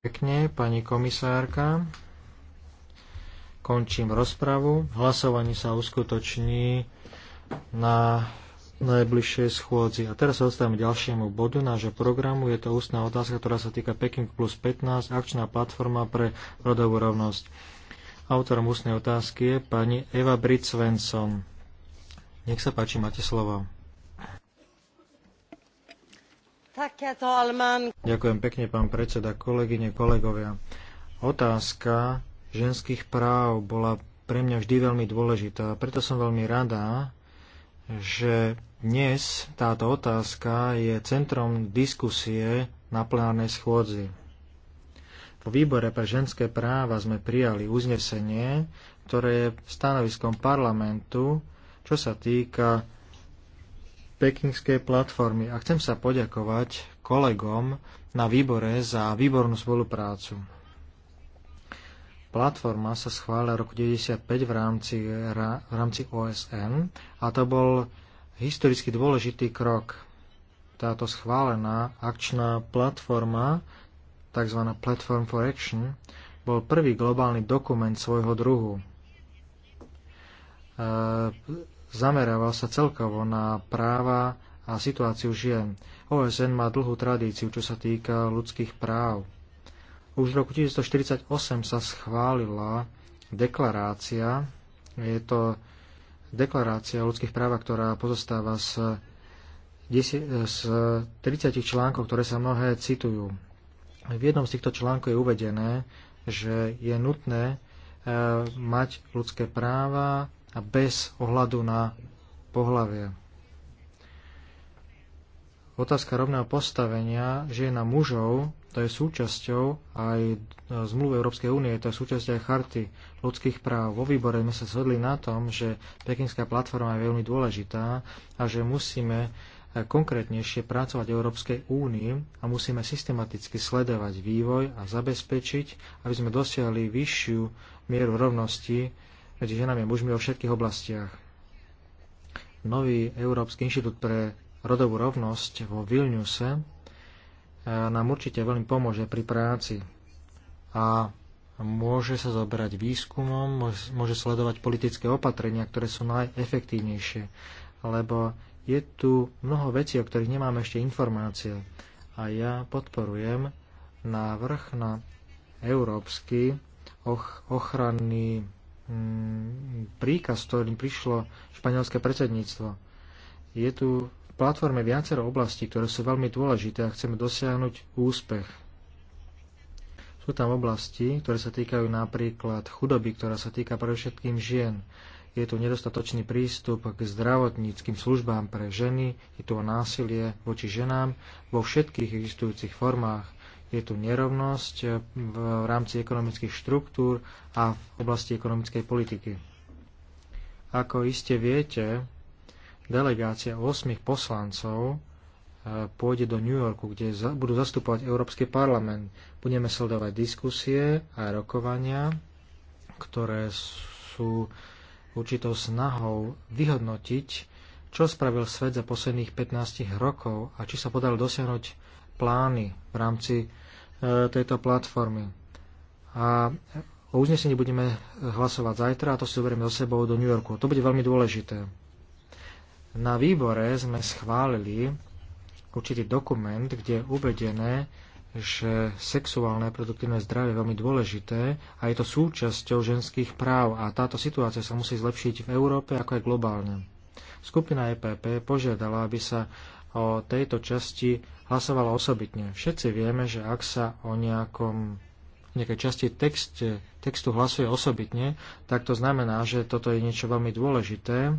pekne, pani komisárka. Končím rozpravu. Hlasovanie sa uskutoční na najbližšej schôdzi. A teraz sa dostávame ďalšiemu bodu nášho programu. Je to ústna otázka, ktorá sa týka Peking plus 15, akčná platforma pre rodovú rovnosť. Autorom ústnej otázky je pani Eva Brit Svensson. Nech sa páči, máte slovo. Ďakujem pekne, pán predseda, kolegyne, kolegovia. Otázka ženských práv bola pre mňa vždy veľmi dôležitá. Preto som veľmi rada, že dnes táto otázka je centrom diskusie na plenárnej schôdzi. Po výbore pre ženské práva sme prijali uznesenie, ktoré je stanoviskom parlamentu, čo sa týka pekingskej platformy. A chcem sa poďakovať kolegom na výbore za výbornú spoluprácu. Platforma sa schválila roku 1995 v rámci, v rámci OSN a to bol historicky dôležitý krok. Táto schválená akčná platforma, tzv. Platform for Action, bol prvý globálny dokument svojho druhu e, zamerával sa celkovo na práva a situáciu žien. OSN má dlhú tradíciu, čo sa týka ľudských práv. Už v roku 1948 sa schválila deklarácia, je to deklarácia ľudských práv, ktorá pozostáva z, 10, z 30 článkov, ktoré sa mnohé citujú. V jednom z týchto článkov je uvedené, že je nutné e, mať ľudské práva, a bez ohľadu na pohlavie. Otázka rovného postavenia žien a mužov, to je súčasťou aj zmluvy Európskej únie, to je súčasť aj charty ľudských práv. Vo výbore sme sa shodli na tom, že pekinská platforma je veľmi dôležitá a že musíme konkrétnejšie pracovať v Európskej únii a musíme systematicky sledovať vývoj a zabezpečiť, aby sme dosiahli vyššiu mieru rovnosti medzi ženami a mužmi vo všetkých oblastiach. Nový Európsky inštitút pre rodovú rovnosť vo Vilniuse e, nám určite veľmi pomôže pri práci a môže sa zoberať výskumom, môže sledovať politické opatrenia, ktoré sú najefektívnejšie, lebo je tu mnoho vecí, o ktorých nemáme ešte informácie a ja podporujem návrh na európsky ochranný Mm, príkaz, ktorým prišlo španielské predsedníctvo. Je tu v platforme viacero oblastí, ktoré sú veľmi dôležité a chceme dosiahnuť úspech. Sú tam oblasti, ktoré sa týkajú napríklad chudoby, ktorá sa týka všetkým žien. Je tu nedostatočný prístup k zdravotníckým službám pre ženy, je tu o násilie voči ženám vo všetkých existujúcich formách je tu nerovnosť eh, v rámci ekonomických štruktúr a v oblasti ekonomickej politiky. Ako iste viete, delegácia 8 poslancov eh, pôjde do New Yorku, kde budú zastupovať Európsky parlament. Budeme sledovať diskusie a rokovania, ktoré sú určitou snahou vyhodnotiť, čo spravil svet za posledných 15 rokov a či sa podal dosiahnuť plány v rámci tejto platformy. A o uznesení budeme hlasovať zajtra a to si zoberieme so sebou do New Yorku. To bude veľmi dôležité. Na výbore sme schválili určitý dokument, kde je uvedené, že sexuálne a produktívne zdravie je veľmi dôležité a je to súčasťou ženských práv a táto situácia sa musí zlepšiť v Európe ako aj globálne. Skupina EPP požiadala, aby sa o tejto časti hlasovala osobitne. Všetci vieme, že ak sa o nejakom nejakej časti text, textu hlasuje osobitne, tak to znamená, že toto je niečo veľmi dôležité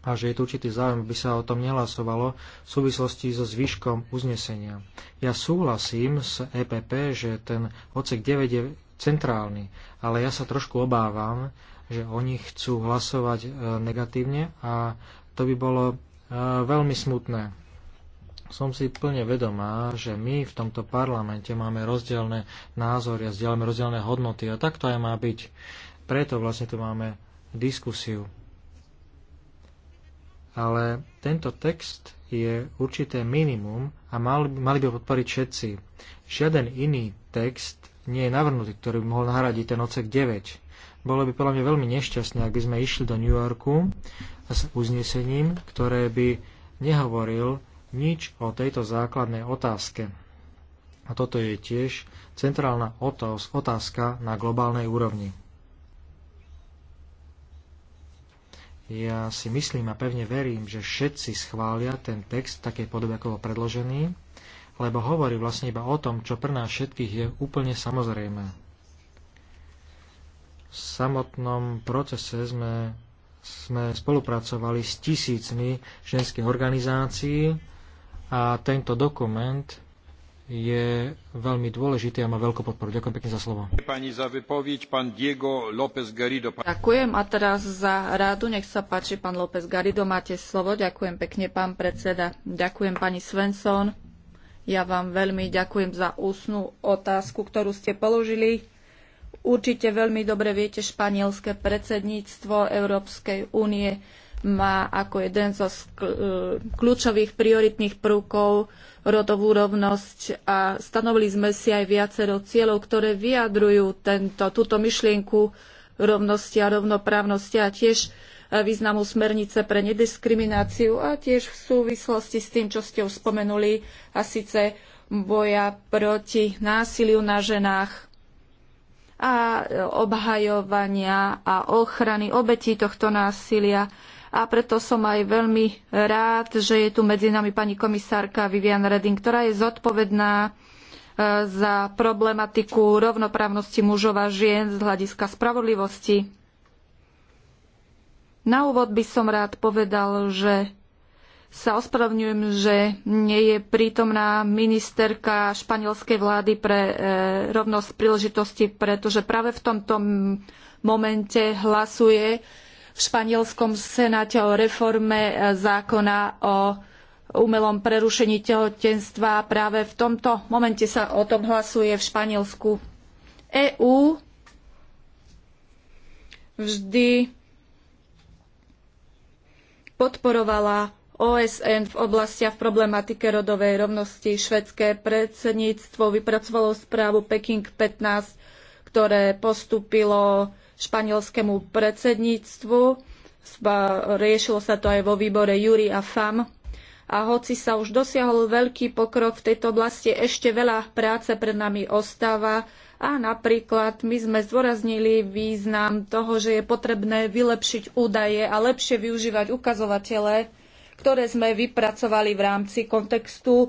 a že je tu určitý záujem, aby sa o tom nehlasovalo v súvislosti so zvyškom uznesenia. Ja súhlasím s EPP, že ten odsek 9 je centrálny, ale ja sa trošku obávam, že oni chcú hlasovať e, negatívne a to by bolo e, veľmi smutné som si plne vedomá, že my v tomto parlamente máme rozdielne názory a zdieľame rozdielne hodnoty a tak to aj má byť. Preto vlastne tu máme diskusiu. Ale tento text je určité minimum a mali, mali by ho podporiť všetci. Žiaden iný text nie je navrhnutý, ktorý by mohol nahradiť ten ocek 9. Bolo by podľa mňa veľmi nešťastné, ak by sme išli do New Yorku s uznesením, ktoré by nehovoril nič o tejto základnej otázke. A toto je tiež centrálna otázka na globálnej úrovni. Ja si myslím a pevne verím, že všetci schvália ten text také podobe, ako predložený, lebo hovorí vlastne iba o tom, čo pre nás všetkých je úplne samozrejme. V samotnom procese sme, sme spolupracovali s tisícmi ženských organizácií, a tento dokument je veľmi dôležitý a má veľkú podporu. Ďakujem pekne za slovo. Pani za vypoviť, pán Diego López Garrido. Ďakujem a teraz za rádu, nech sa páči, pán López Garrido, máte slovo. Ďakujem pekne, pán predseda. Ďakujem, pani Svensson. Ja vám veľmi ďakujem za úsnú otázku, ktorú ste položili. Určite veľmi dobre viete španielské predsedníctvo Európskej únie má ako jeden zo e, kľúčových prioritných prvkov rodovú rovnosť a stanovili sme si aj viacero cieľov, ktoré vyjadrujú tento, túto myšlienku rovnosti a rovnoprávnosti a tiež e, významu smernice pre nediskrimináciu a tiež v súvislosti s tým, čo ste už spomenuli, a síce boja proti násiliu na ženách a obhajovania a ochrany obetí tohto násilia a preto som aj veľmi rád, že je tu medzi nami pani komisárka Vivian Reding, ktorá je zodpovedná e, za problematiku rovnoprávnosti mužov a žien z hľadiska spravodlivosti. Na úvod by som rád povedal, že sa ospravedlňujem, že nie je prítomná ministerka španielskej vlády pre e, rovnosť príležitosti, pretože práve v tomto momente hlasuje v španielskom senáte o reforme e, zákona o umelom prerušení tehotenstva. Práve v tomto momente sa o tom hlasuje v Španielsku. EÚ vždy podporovala OSN v oblastiach v problematike rodovej rovnosti. Švedské predsedníctvo vypracovalo správu Peking 15, ktoré postúpilo španielskému predsedníctvu. Riešilo sa to aj vo výbore Júri a FAM. A hoci sa už dosiahol veľký pokrok v tejto oblasti, ešte veľa práce pred nami ostáva. A napríklad my sme zdôraznili význam toho, že je potrebné vylepšiť údaje a lepšie využívať ukazovatele, ktoré sme vypracovali v rámci kontextu e,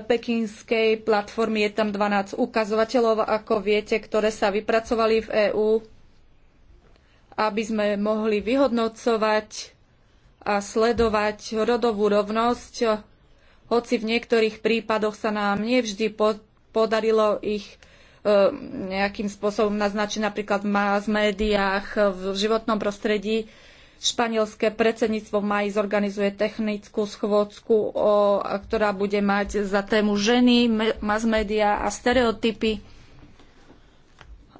pekinskej platformy. Je tam 12 ukazovateľov, ako viete, ktoré sa vypracovali v EÚ aby sme mohli vyhodnocovať a sledovať rodovú rovnosť, hoci v niektorých prípadoch sa nám nevždy podarilo ich e, nejakým spôsobom naznačiť napríklad v mass médiách, v životnom prostredí. Španielské predsedníctvo v maji zorganizuje technickú schôdzku, ktorá bude mať za tému ženy, mass média a stereotypy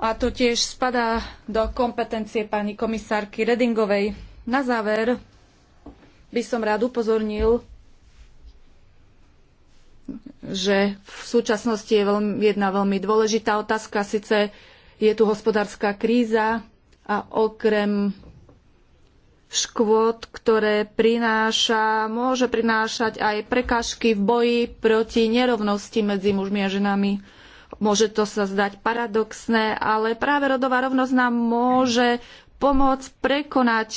a to tiež spadá do kompetencie pani komisárky Redingovej. Na záver by som rád upozornil, že v súčasnosti je veľmi, jedna veľmi dôležitá otázka, síce je tu hospodárska kríza a okrem škôd, ktoré prináša, môže prinášať aj prekážky v boji proti nerovnosti medzi mužmi a ženami Môže to sa zdať paradoxné, ale práve rodová rovnosť nám môže pomôcť prekonať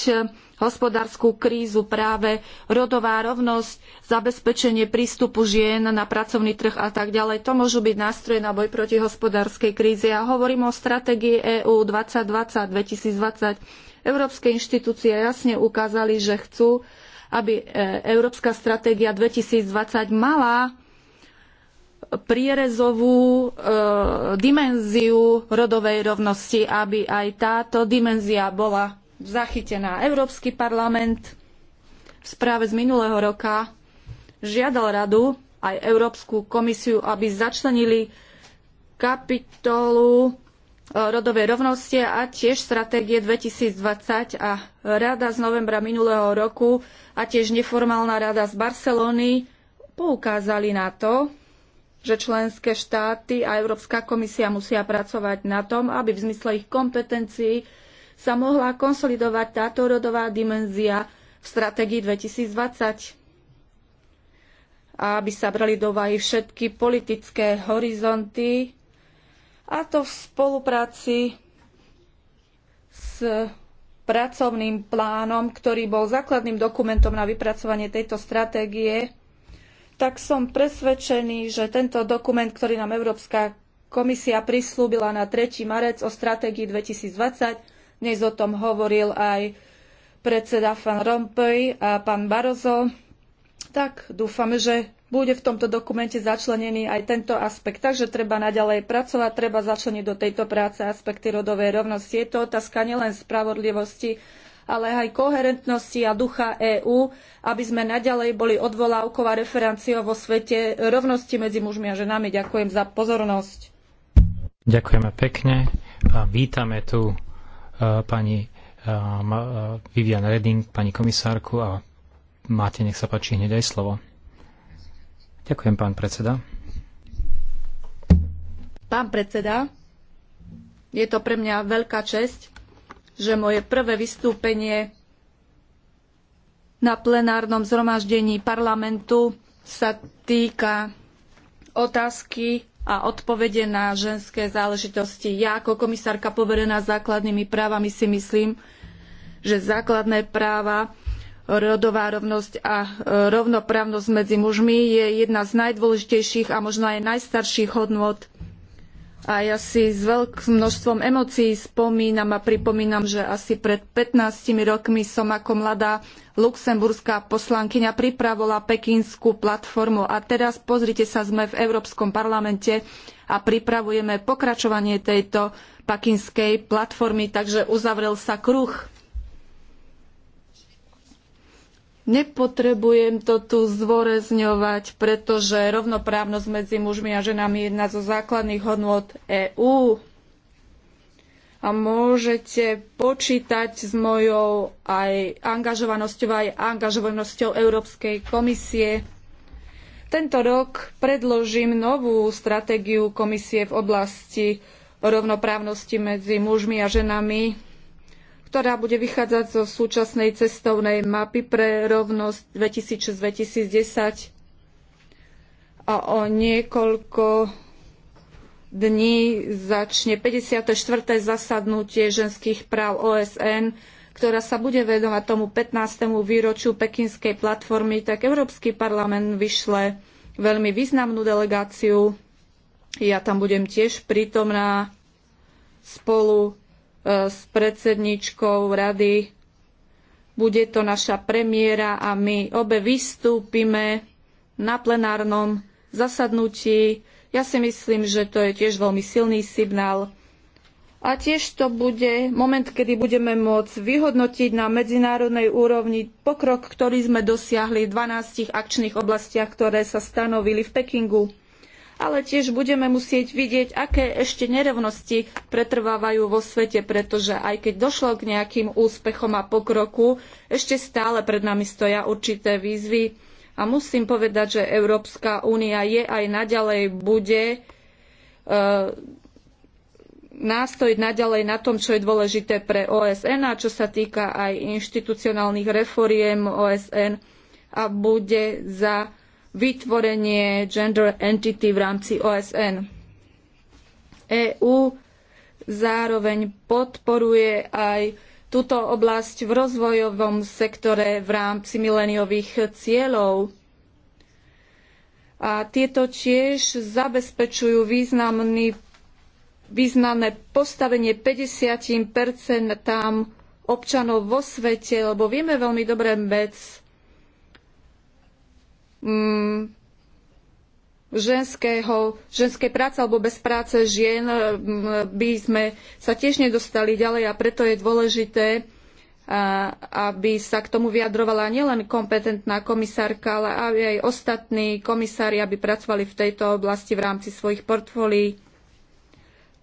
hospodárskú krízu práve rodová rovnosť, zabezpečenie prístupu žien na pracovný trh a tak ďalej. To môžu byť nástroje na boj proti hospodárskej kríze. Ja hovorím o stratégii EÚ 2020-2020. Európske inštitúcie jasne ukázali, že chcú, aby e, Európska stratégia 2020 mala prierezovú e, dimenziu rodovej rovnosti, aby aj táto dimenzia bola zachytená. Európsky parlament v správe z minulého roka žiadal radu aj Európsku komisiu, aby začlenili kapitolu eh, rodovej rovnosti a tiež stratégie 2020 a rada z novembra minulého roku a tiež neformálna rada z Barcelony poukázali na to, že členské štáty a Európska komisia musia pracovať na tom, aby v zmysle ich kompetencií sa mohla konsolidovať táto rodová dimenzia v stratégii 2020 a aby sa brali do vahy všetky politické horizonty a to v spolupráci s pracovným plánom, ktorý bol základným dokumentom na vypracovanie tejto stratégie tak som presvedčený, že tento dokument, ktorý nám Európska komisia prislúbila na 3. marec o stratégii 2020, dnes o tom hovoril aj predseda Van Rompuy a pán Barozo, tak dúfame, že bude v tomto dokumente začlenený aj tento aspekt. Takže treba naďalej pracovať, treba začleniť do tejto práce aspekty rodovej rovnosti. Je to otázka nielen spravodlivosti, ale aj koherentnosti a ducha EÚ, aby sme naďalej boli odvolávkou a referenciou vo svete rovnosti medzi mužmi a ženami. Ďakujem za pozornosť. Ďakujeme pekne a vítame tu uh, pani uh, Vivian Redding, pani komisárku a máte, nech sa páči, hneď aj slovo. Ďakujem, pán predseda. Pán predseda, je to pre mňa veľká česť, že moje prvé vystúpenie na plenárnom zhromaždení parlamentu sa týka otázky a odpovede na ženské záležitosti. Ja ako komisárka poverená základnými právami si myslím, že základné práva rodová rovnosť a e, rovnoprávnosť medzi mužmi je jedna z najdôležitejších a možno aj najstarších hodnot. A ja si s veľkým množstvom emócií spomínam a pripomínam, že asi pred 15 rokmi som ako mladá luxemburská poslankyňa pripravila pekínsku platformu. A teraz pozrite sa, sme v Európskom parlamente a pripravujeme pokračovanie tejto pekinskej platformy, takže uzavrel sa kruh. Nepotrebujem to tu zdôrezňovať, pretože rovnoprávnosť medzi mužmi a ženami je jedna zo základných hodnôt EÚ. A môžete počítať s mojou aj angažovanosťou, aj angažovanosťou Európskej komisie. Tento rok predložím novú stratégiu komisie v oblasti rovnoprávnosti medzi mužmi a ženami ktorá bude vychádzať zo súčasnej cestovnej mapy pre rovnosť 2006-2010 a o niekoľko dní začne 54. zasadnutie ženských práv OSN, ktorá sa bude vedovať tomu 15. výročiu Pekinskej platformy, tak Európsky parlament vyšle veľmi významnú delegáciu. Ja tam budem tiež prítomná spolu Eh, s predsedničkou rady. Bude to naša premiéra a my obe vystúpime na plenárnom zasadnutí. Ja si myslím, že to je tiež veľmi silný signál. A tiež to bude moment, kedy budeme môcť vyhodnotiť na medzinárodnej úrovni pokrok, ktorý sme dosiahli v 12 akčných oblastiach, ktoré sa stanovili v Pekingu ale tiež budeme musieť vidieť, aké ešte nerovnosti pretrvávajú vo svete, pretože aj keď došlo k nejakým úspechom a pokroku, ešte stále pred nami stoja určité výzvy. A musím povedať, že Európska únia je aj naďalej bude e, nástojiť naďalej na tom, čo je dôležité pre OSN a čo sa týka aj inštitucionálnych reforiem OSN a bude za vytvorenie gender entity v rámci OSN. EÚ zároveň podporuje aj túto oblasť v rozvojovom sektore v rámci mileniových cieľov. A tieto tiež zabezpečujú významný, významné postavenie 50 občanov vo svete, lebo vieme veľmi dobre vec mm, ženského, ženskej práce alebo bez práce žien mm, by sme sa tiež nedostali ďalej a preto je dôležité, aby sa k tomu vyjadrovala nielen kompetentná komisárka, ale aby aj ostatní komisári, aby pracovali v tejto oblasti v rámci svojich portfólií.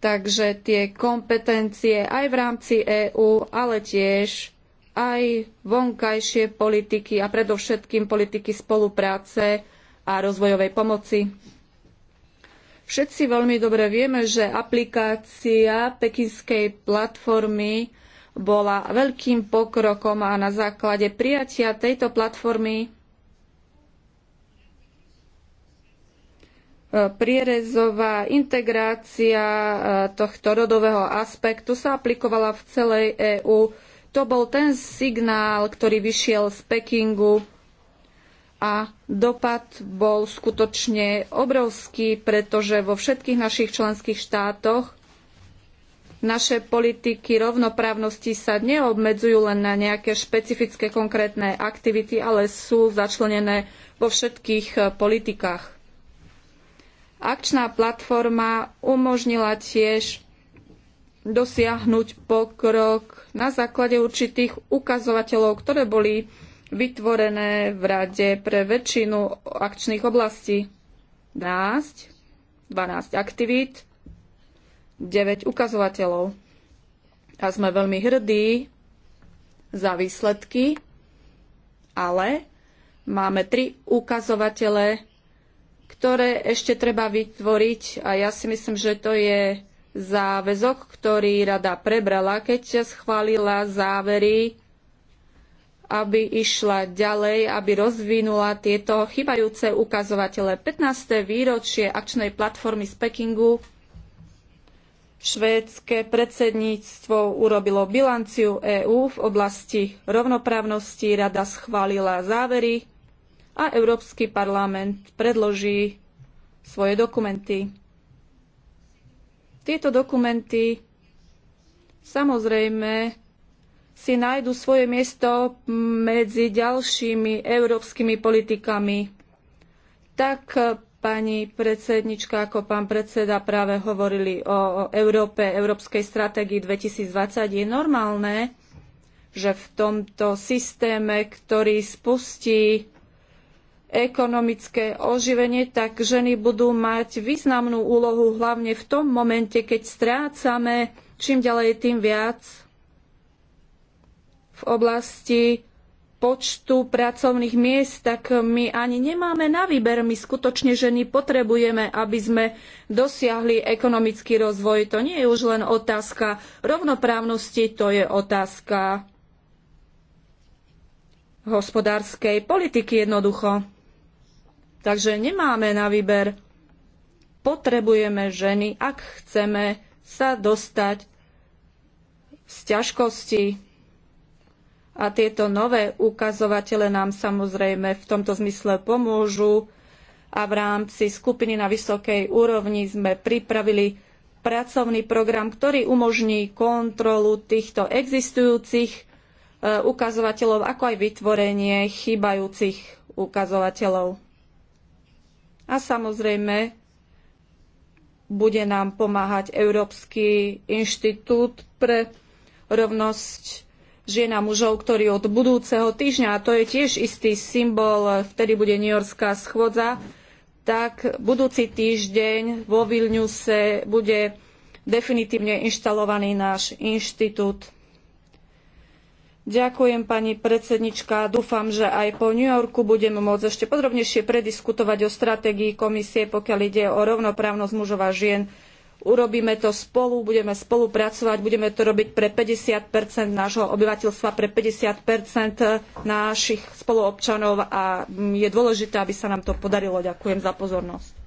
Takže tie kompetencie aj v rámci EÚ, ale tiež aj vonkajšie politiky a predovšetkým politiky spolupráce a rozvojovej pomoci. Všetci veľmi dobre vieme, že aplikácia pekinskej platformy bola veľkým pokrokom a na základe prijatia tejto platformy e, prierezová integrácia e, tohto rodového aspektu sa aplikovala v celej EÚ to bol ten signál, ktorý vyšiel z Pekingu a dopad bol skutočne obrovský, pretože vo všetkých našich členských štátoch naše politiky rovnoprávnosti sa neobmedzujú len na nejaké špecifické konkrétne aktivity, ale sú začlenené vo všetkých e, politikách. Akčná platforma umožnila tiež dosiahnuť pokrok na základe určitých ukazovateľov, ktoré boli vytvorené v Rade pre väčšinu akčných oblastí. 12, 12 aktivít, 9 ukazovateľov. A sme veľmi hrdí za výsledky, ale máme 3 ukazovatele, ktoré ešte treba vytvoriť a ja si myslím, že to je záväzok, ktorý rada prebrala, keď schválila závery, aby išla ďalej, aby rozvinula tieto chybajúce ukazovatele. 15. výročie akčnej platformy z Pekingu Švédske predsedníctvo urobilo bilanciu EÚ v oblasti rovnoprávnosti, rada schválila závery a Európsky parlament predloží svoje dokumenty. Tieto dokumenty samozrejme si nájdu svoje miesto medzi ďalšími európskymi politikami. Tak pani predsednička ako pán predseda práve hovorili o Európe, Európskej stratégii 2020, je normálne, že v tomto systéme, ktorý spustí ekonomické oživenie, tak ženy budú mať významnú úlohu hlavne v tom momente, keď strácame čím ďalej tým viac v oblasti počtu pracovných miest, tak my ani nemáme na výber. My skutočne ženy potrebujeme, aby sme dosiahli ekonomický rozvoj. To nie je už len otázka rovnoprávnosti, to je otázka hospodárskej politiky jednoducho. Takže nemáme na výber. Potrebujeme ženy, ak chceme sa dostať z ťažkosti. A tieto nové ukazovatele nám samozrejme v tomto zmysle pomôžu. A v rámci skupiny na vysokej úrovni sme pripravili pracovný program, ktorý umožní kontrolu týchto existujúcich e, ukazovateľov, ako aj vytvorenie chýbajúcich ukazovateľov. A samozrejme, bude nám pomáhať Európsky inštitút pre rovnosť žien a mužov, ktorý od budúceho týždňa, a to je tiež istý symbol, vtedy bude New Yorkská schôdza, tak budúci týždeň vo Vilniuse bude definitívne inštalovaný náš inštitút. Ďakujem pani predsednička. Dúfam, že aj po New Yorku budem môcť ešte podrobnejšie prediskutovať o stratégii komisie, pokiaľ ide o rovnoprávnosť mužov a žien. Urobíme to spolu, budeme spolupracovať, budeme to robiť pre 50 nášho obyvateľstva, pre 50 našich spoluobčanov a mm, je dôležité, aby sa nám to podarilo. Ďakujem za pozornosť.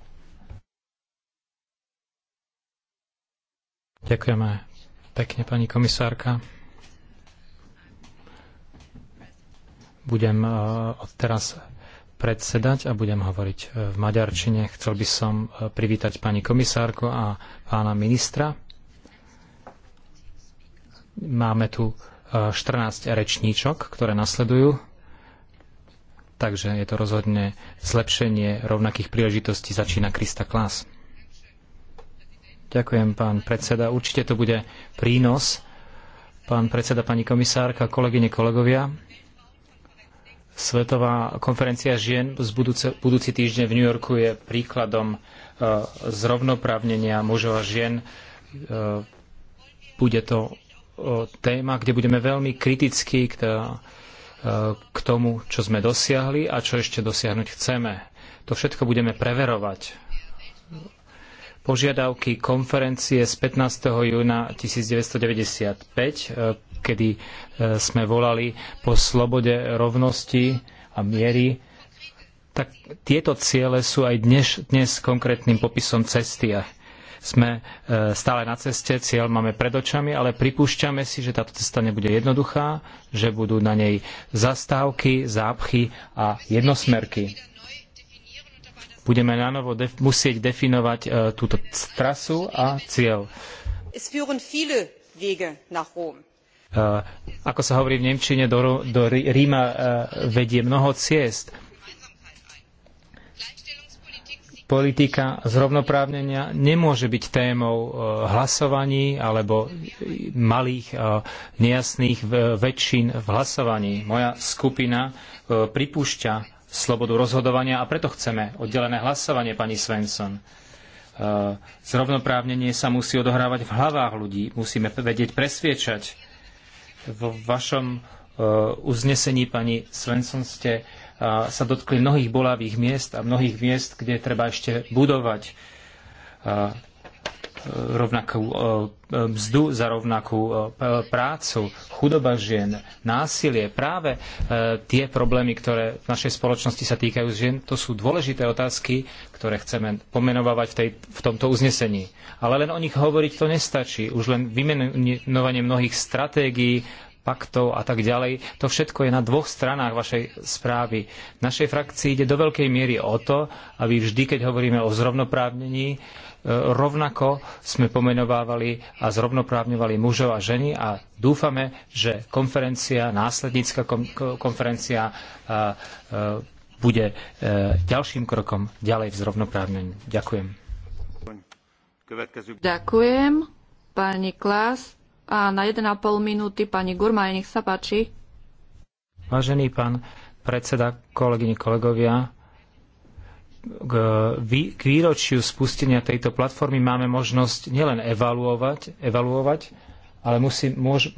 Ďakujeme pekne, pani komisárka. budem e, od teraz predsedať a budem hovoriť e, v maďarčine. Chcel by som e, privítať pani komisárku a pána ministra. Máme tu 14 rečníčok, ktoré nasledujú. Takže je to rozhodne zlepšenie rovnakých príležitostí začína Krista Klas. Ďakujem, pán predseda. Určite to bude prínos. Pán predseda, pani komisárka, kolegyne, kolegovia Svetová konferencia žien z budúce, budúci týždeň v New Yorku je príkladom e, zrovnoprávnenia mužov a žien. E, bude to e, téma, kde budeme veľmi kritickí k tomu, čo sme dosiahli a čo ešte dosiahnuť chceme. To všetko budeme preverovať. Požiadavky konferencie z 15. júna 1995 kedy e, sme volali po slobode, rovnosti a miery, tak tieto ciele sú aj dnes, dnes konkrétnym popisom cesty. sme e, stále na ceste, cieľ máme pred očami, ale pripúšťame si, že táto cesta nebude jednoduchá, že budú na nej zastávky, zápchy a jednosmerky budeme novo def- musieť definovať e, túto trasu a cieľ. Es führen viele Wege nach Rom. Ako sa hovorí v Nemčine, do, do Ríma e, vedie mnoho ciest. Politika zrovnoprávnenia nemôže byť témou e, hlasovaní alebo malých e, nejasných väčšín v hlasovaní. Moja skupina pripúšťa slobodu rozhodovania a preto chceme oddelené hlasovanie, pani Svensson. Zrovnoprávnenie sa musí odohrávať v hlavách ľudí. Musíme vedieť presviečať. Vo vašom eh, uznesení pani Svensson ste eh, sa dotkli mnohých bolavých miest a mnohých miest, kde treba ešte budovať. Eh, rovnakú e, e, mzdu za rovnakú e, prácu, chudoba žien, násilie, práve tie problémy, ktoré v našej spoločnosti sa týkajú žien, to sú dôležité otázky, ktoré chceme pomenovávať v, tej, v tomto uznesení. Ale len o nich hovoriť to nestačí. Už len vymenovanie mnohých stratégií, paktov a tak ďalej. To všetko je na dvoch stranách vašej správy. V našej frakcii ide do veľkej miery o to, aby vždy, keď hovoríme o zrovnoprávnení, E, rovnako sme pomenovávali a zrovnoprávňovali mužov a ženy a dúfame, že konferencia, následnícka konferencia e, e, bude ďalším krokom ďalej v zrovnoprávnení. Ďakujem. Ďakujem, pani Klas. A na 1,5 minúty pani Gurmaj, nech sa páči. Vážený pán predseda, kolegyne, kolegovia, k výročiu spustenia tejto platformy máme možnosť nielen evaluovať, evaluovať ale musí, môž,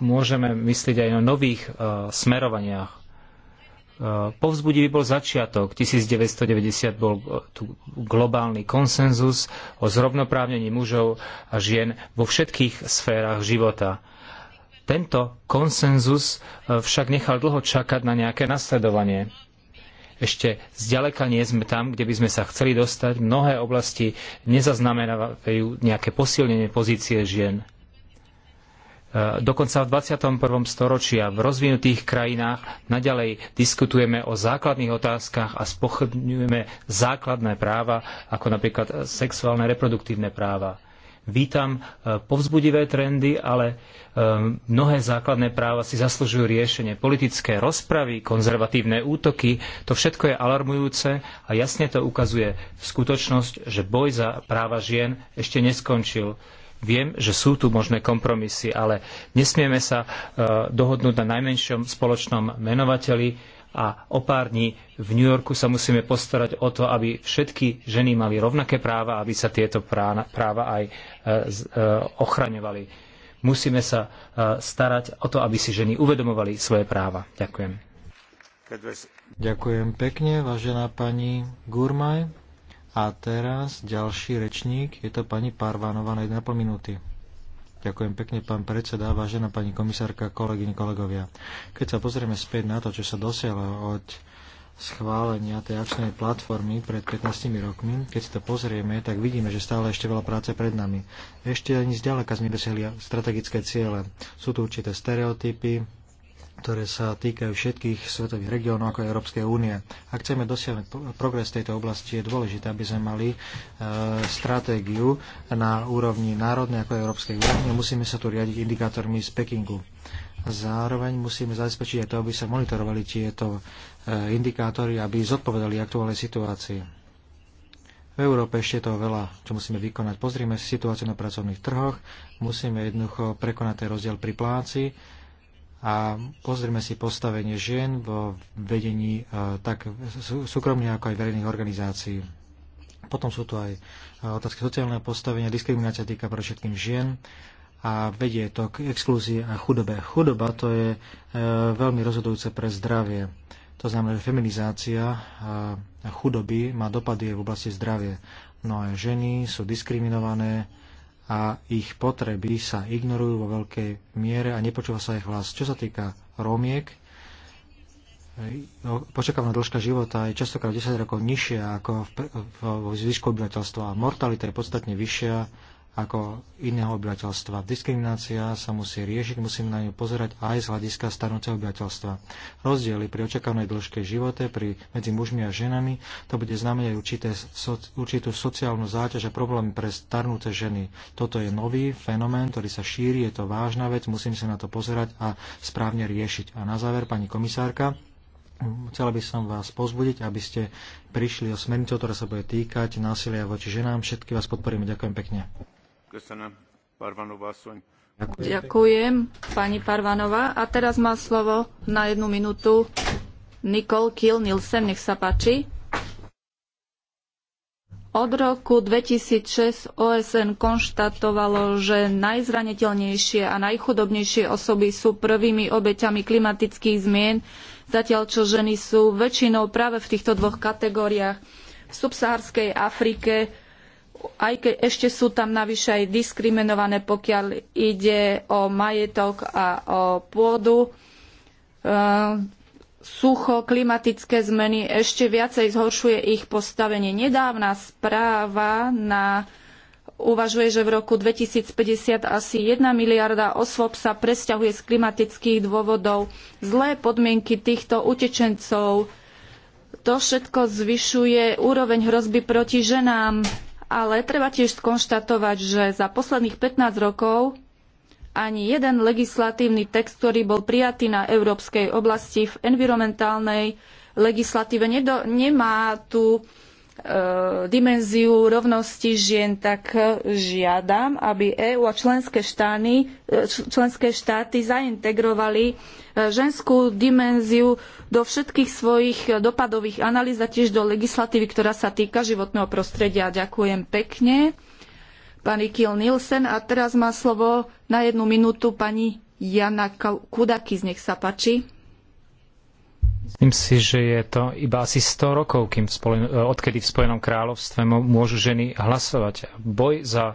môžeme myslieť aj o nových uh, smerovaniach. Uh, povzbudivý bol začiatok. 1990 bol uh, tu globálny konsenzus o zrovnoprávnení mužov a žien vo všetkých sférach života. Tento konsenzus uh, však nechal dlho čakať na nejaké nasledovanie ešte zďaleka nie sme tam, kde by sme sa chceli dostať. Mnohé oblasti nezaznamenávajú nejaké posilnenie pozície žien. E, dokonca v 21. storočí a v rozvinutých krajinách naďalej diskutujeme o základných otázkach a spochybňujeme základné práva, ako napríklad sexuálne reproduktívne práva vítam e, povzbudivé trendy, ale e, mnohé základné práva si zaslúžujú riešenie. Politické rozpravy, konzervatívne útoky, to všetko je alarmujúce a jasne to ukazuje skutočnosť, že boj za práva žien ešte neskončil. Viem, že sú tu možné kompromisy, ale nesmieme sa e, dohodnúť na najmenšom spoločnom menovateli a o pár dní v New Yorku sa musíme postarať o to, aby všetky ženy mali rovnaké práva, aby sa tieto práva aj e, e, ochraňovali. Musíme sa e, starať o to, aby si ženy uvedomovali svoje práva. Ďakujem. Ďakujem pekne, vážená pani Gurmaj. A teraz ďalší rečník, je to pani Parvanova na 1,5 minúty. Ďakujem pekne, pán predseda, vážená pani komisárka, kolegyne, kolegovia. Keď sa pozrieme späť na to, čo sa dosiahlo od schválenia tej akčnej platformy pred 15 rokmi, keď si to pozrieme, tak vidíme, že stále ešte veľa práce pred nami. Ešte ani zďaleka sme dosiahli strategické ciele. Sú tu určité stereotypy, ktoré sa týkajú všetkých svetových regiónov ako Európskej únie. Ak chceme dosiahnuť progres v tejto oblasti, je dôležité, aby sme mali e, stratégiu na úrovni národnej ako Európskej únie. Musíme sa tu riadiť indikátormi z Pekingu. Zároveň musíme zabezpečiť aj to, aby sa monitorovali tieto e, indikátory, aby zodpovedali aktuálnej situácii. V Európe ešte je toho veľa, čo musíme vykonať. Pozrieme si situáciu na pracovných trhoch, musíme jednoducho prekonať ten rozdiel pri pláci, a pozrieme si postavenie žien vo vedení e, tak súkromných ako aj verejných organizácií. Potom sú tu aj e, otázky sociálneho postavenia, diskriminácia týka pre všetkým žien a vedie to k exklúzii a chudobe. Chudoba to je e, veľmi rozhodujúce pre zdravie. To znamená, že feminizácia chudoby má dopady v oblasti zdravie. No a ženy sú diskriminované, a ich potreby sa ignorujú vo veľkej miere a nepočúva sa ich hlas. Čo sa týka Rómiek, počakávaná e, dĺžka života je častokrát 10 rokov nižšia ako v, zvyšku obyvateľstva a mortalita je podstatne vyššia ako iného obyvateľstva. Diskriminácia sa musí riešiť, musíme na ňu pozerať aj z hľadiska starnúceho obyvateľstva. Rozdiely pri očakávanej dĺžke živote pri, medzi mužmi a ženami to bude znamenať určité, so, určitú sociálnu záťaž a problémy pre starnúce ženy. Toto je nový fenomén, ktorý sa šíri, je to vážna vec, musím sa na to pozerať a správne riešiť. A na záver, pani komisárka, chcela by som vás pozbudiť, aby ste prišli o smernicu, ktorá sa bude týkať násilia voči ženám. Všetky vás podporíme. Ďakujem pekne. Ďakujem, pani Parvanová. A teraz má slovo na jednu minútu Nicole Kiel Nielsen, nech sa páči. Od roku 2006 OSN konštatovalo, že najzraniteľnejšie a najchudobnejšie osoby sú prvými obeťami klimatických zmien, zatiaľ čo ženy sú väčšinou práve v týchto dvoch kategóriách. V subsahárskej Afrike aj keď ešte sú tam navyše aj diskriminované, pokiaľ ide o majetok a o pôdu. E, sucho, klimatické zmeny ešte viacej zhoršuje ich postavenie. Nedávna správa na uvažuje, že v roku 2050 asi 1 miliarda osôb sa presťahuje z klimatických dôvodov. Zlé podmienky týchto utečencov, to všetko zvyšuje úroveň hrozby proti ženám ale treba tiež skonštatovať, že za posledných 15 rokov ani jeden legislatívny text, ktorý bol prijatý na európskej oblasti v environmentálnej legislatíve, nemá tú E, dimenziu rovnosti žien, tak žiadam, aby EÚ a členské, štány, e, členské štáty zaintegrovali e, ženskú dimenziu do všetkých svojich dopadových analýz a tiež do legislatívy, ktorá sa týka životného prostredia. Ďakujem pekne. Pani Kiel Nielsen a teraz má slovo na jednu minútu pani Jana Kudakis, nech sa páči. Myslím si, že je to iba asi 100 rokov, kým v spolen- e, odkedy v Spojenom kráľovstve môžu ženy hlasovať. Boj za e,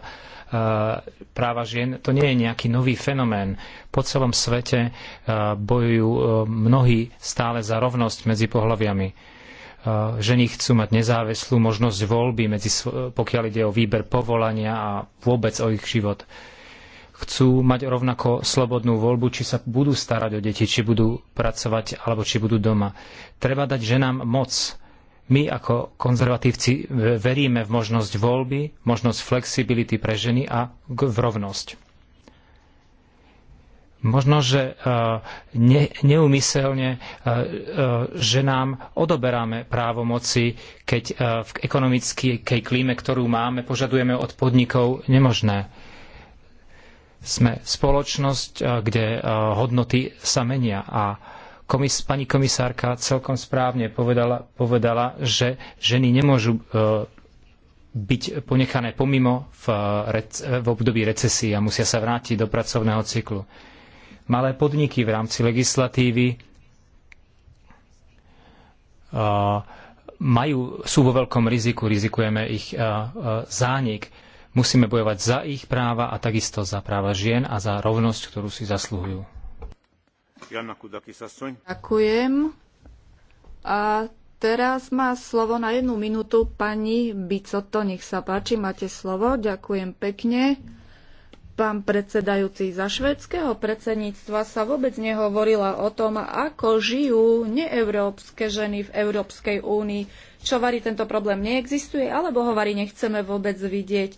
práva žien to nie je nejaký nový fenomén. Po celom svete e, bojujú mnohí stále za rovnosť medzi pohľaviami. Ženy chcú mať nezávislú možnosť voľby, medzi, pokiaľ ide o výber povolania a vôbec o ich život chcú mať rovnako slobodnú voľbu, či sa budú starať o deti, či budú pracovať alebo či budú doma. Treba dať ženám moc. My ako konzervatívci veríme v možnosť voľby, možnosť flexibility pre ženy a v rovnosť. Možno, že e, ne, neumyselne e, e, ženám odoberáme právo moci, keď v ekonomickej klíme, ktorú máme, požadujeme od podnikov nemožné. Sme spoločnosť, eh, kde eh, hodnoty sa menia a komis, pani komisárka celkom správne povedala, povedala že ženy nemôžu eh, byť ponechané pomimo v, v období recesie a musia sa vrátiť do pracovného cyklu. Malé podniky v rámci legislatívy majú, sú vo veľkom riziku, rizikujeme ich zánik. Musíme bojovať za ich práva a takisto za práva žien a za rovnosť, ktorú si zasluhujú. Ďakujem. A teraz má slovo na jednu minútu pani Bicoto. Nech sa páči, máte slovo. Ďakujem pekne. Pán predsedajúci, za švedského predsedníctva sa vôbec nehovorila o tom, ako žijú neeurópske ženy v Európskej únii. Čo varí tento problém neexistuje, alebo hovorí nechceme vôbec vidieť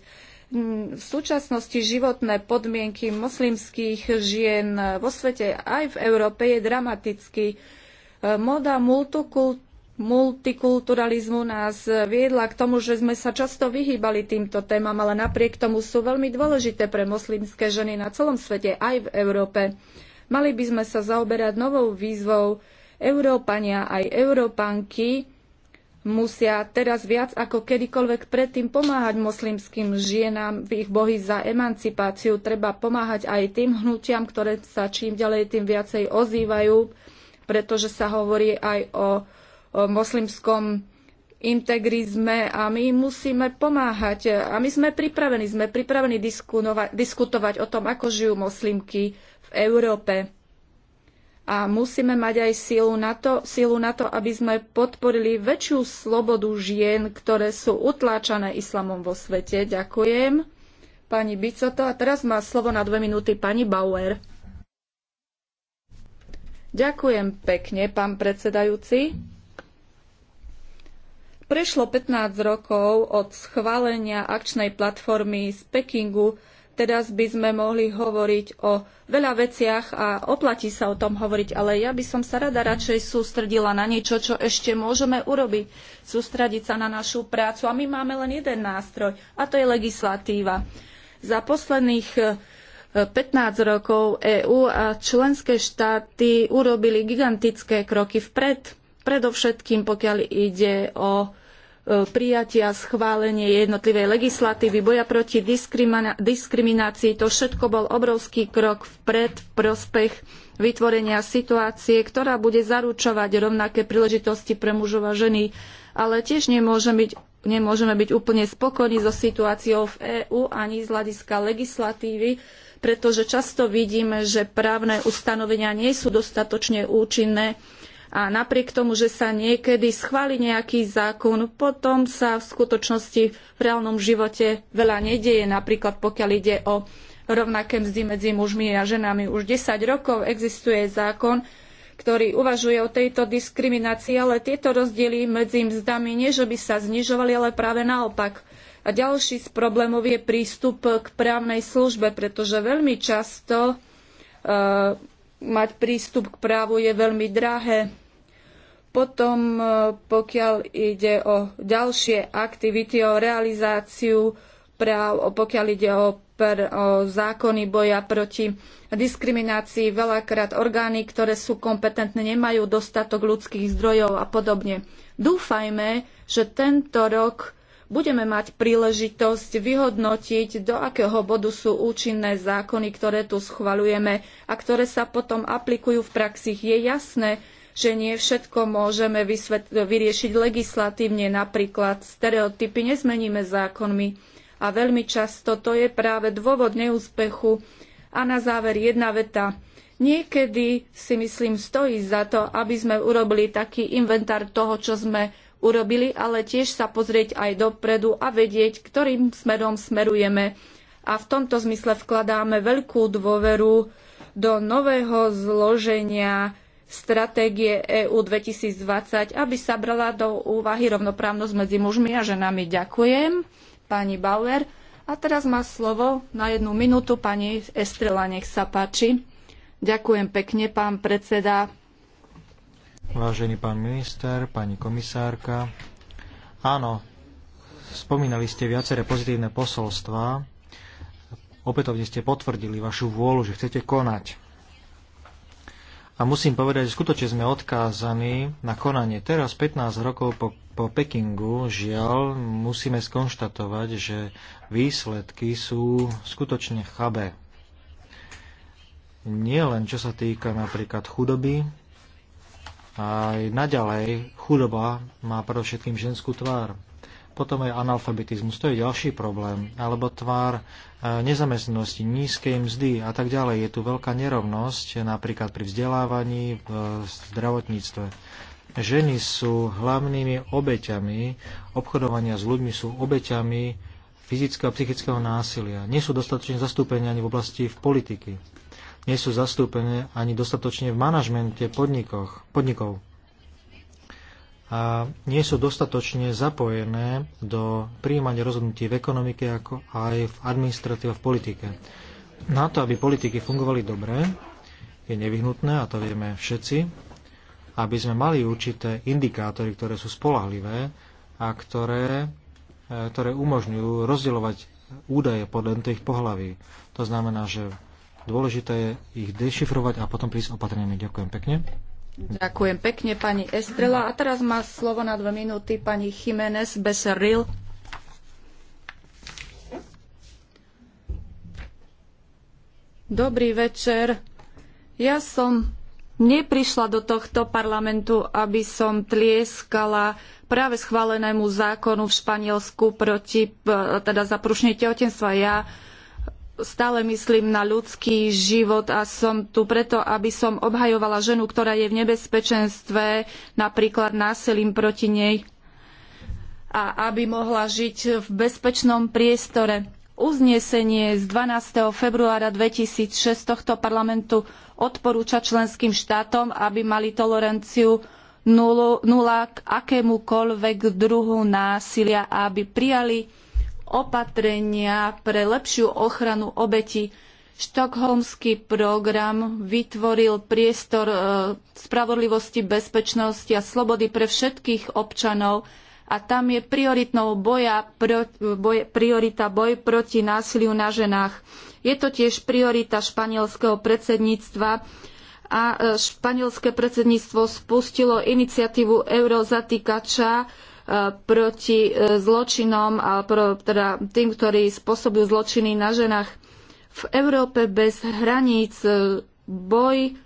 v súčasnosti životné podmienky moslimských žien vo svete aj v Európe je dramatický. E, moda multikulturalizmu nás viedla k tomu, že sme sa často vyhýbali týmto témam, ale napriek tomu sú veľmi dôležité pre moslimské ženy na celom svete, aj v Európe. Mali by sme sa zaoberať novou výzvou Európania aj Európanky, musia teraz viac ako kedykoľvek predtým pomáhať moslimským žienám v ich bohy za emancipáciu. Treba pomáhať aj tým hnutiam, ktoré sa čím ďalej tým viacej ozývajú, pretože sa hovorí aj o, o moslimskom integrizme a my musíme pomáhať. A my sme pripravení, sme pripravení diskutovať, diskutovať o tom, ako žijú moslimky v Európe a musíme mať aj sílu na, to, na to, aby sme podporili väčšiu slobodu žien, ktoré sú utláčané islamom vo svete. Ďakujem. Pani Bicoto, a teraz má slovo na dve minúty pani Bauer. Ďakujem pekne, pán predsedajúci. Prešlo 15 rokov od schválenia akčnej platformy z Pekingu Teraz by sme mohli hovoriť o veľa veciach a oplatí sa o tom hovoriť, ale ja by som sa rada radšej sústredila na niečo, čo ešte môžeme urobiť. Sústrediť sa na našu prácu a my máme len jeden nástroj a to je legislatíva. Za posledných 15 eh, rokov EÚ a členské štáty urobili gigantické kroky vpred, predovšetkým pokiaľ ide o E, prijatia, schválenie jednotlivej legislatívy, boja proti diskriminácii. To všetko bol obrovský krok vpred v prospech vytvorenia situácie, ktorá bude zaručovať rovnaké príležitosti pre mužov a ženy. Ale tiež nemôžeme byť, nemôžeme byť úplne spokojní so situáciou v EÚ ani z hľadiska legislatívy, pretože často vidíme, že právne ustanovenia nie sú dostatočne účinné a napriek tomu, že sa niekedy schváli nejaký zákon, potom sa v skutočnosti v reálnom živote veľa nedeje. Napríklad pokiaľ ide o rovnaké mzdy medzi mužmi a ženami. Už 10 rokov existuje zákon, ktorý uvažuje o tejto diskriminácii, ale tieto rozdiely medzi mzdami nie, že by sa znižovali, ale práve naopak. A ďalší z problémov je prístup k právnej službe, pretože veľmi často e, mať prístup k právu je veľmi drahé. Potom, e, pokiaľ ide o ďalšie aktivity, o realizáciu práv, pokiaľ ide o, o zákony boja proti diskriminácii, veľakrát orgány, ktoré sú kompetentné, nemajú dostatok ľudských zdrojov a podobne. Dúfajme, že tento rok budeme mať príležitosť vyhodnotiť, do akého bodu sú účinné zákony, ktoré tu schvaľujeme a ktoré sa potom aplikujú v praxi. Je jasné, že nie všetko môžeme vyriešiť legislatívne, napríklad stereotypy nezmeníme zákonmi. A veľmi často to je práve dôvod neúspechu. A na záver jedna veta. Niekedy si myslím stojí za to, aby sme urobili taký inventár toho, čo sme urobili, ale tiež sa pozrieť aj dopredu a vedieť, ktorým smerom smerujeme. A v tomto zmysle vkladáme veľkú dôveru do nového zloženia stratégie EU 2020, aby sa brala do úvahy rovnoprávnosť medzi mužmi a ženami. Ďakujem, pani Bauer. A teraz má slovo na jednu minútu pani Estrela, nech sa páči. Ďakujem pekne, pán predseda. Vážený pán minister, pani komisárka. Áno, spomínali ste viaceré pozitívne posolstvá. Opätovne ste potvrdili vašu vôľu, že chcete konať a musím povedať, že skutočne sme odkázaní na konanie. Teraz 15 rokov po, po Pekingu, žiaľ, musíme skonštatovať, že výsledky sú skutočne chabé. Nie len čo sa týka napríklad chudoby, aj naďalej chudoba má predovšetkým ženskú tvár. Potom aj analfabetizmus, to je ďalší problém, alebo tvár e, nezamestnanosti, nízkej mzdy a tak ďalej. Je tu veľká nerovnosť napríklad pri vzdelávaní, v e, zdravotníctve. Ženy sú hlavnými obeťami, obchodovania s ľuďmi sú obeťami fyzického a psychického násilia. Nie sú dostatočne zastúpené ani v oblasti v politiky. Nie sú zastúpené ani dostatočne v manažmente podnikov a nie sú dostatočne zapojené do príjmania rozhodnutí v ekonomike, ako aj v administratíve, v politike. Na to, aby politiky fungovali dobre, je nevyhnutné, a to vieme všetci, aby sme mali určité indikátory, ktoré sú spolahlivé a ktoré, e, ktoré umožňujú rozdielovať údaje podľa tých pohlaví. To znamená, že dôležité je ich dešifrovať a potom prísť opatrenými. Ďakujem pekne. Ďakujem pekne pani Estrela. A teraz má slovo na dve minúty pani Jiménez Becerril. Dobrý večer. Ja som neprišla do tohto parlamentu, aby som tlieskala práve schválenému zákonu v Španielsku proti, e, teda za prušenie tehotenstva. Ja stále myslím na ľudský život a som tu preto, aby som obhajovala ženu, ktorá je v nebezpečenstve, napríklad násilím proti nej a aby mohla žiť v bezpečnom priestore. Uznesenie z 12. februára 2006 tohto parlamentu odporúča členským štátom, aby mali toleranciu nula k akémukoľvek druhu násilia a aby prijali opatrenia pre lepšiu ochranu obeti. Štokholmský program vytvoril priestor e, spravodlivosti, bezpečnosti a slobody pre všetkých občanov a tam je prioritnou boja, pro, boj, priorita boj proti násiliu na ženách. Je to tiež priorita španielského predsedníctva a e, španielské predsedníctvo spustilo iniciatívu Eurozatýkača, proti e, zločinom a pro, teda tým, ktorí spôsobujú zločiny na ženách. V Európe bez hraníc e, boj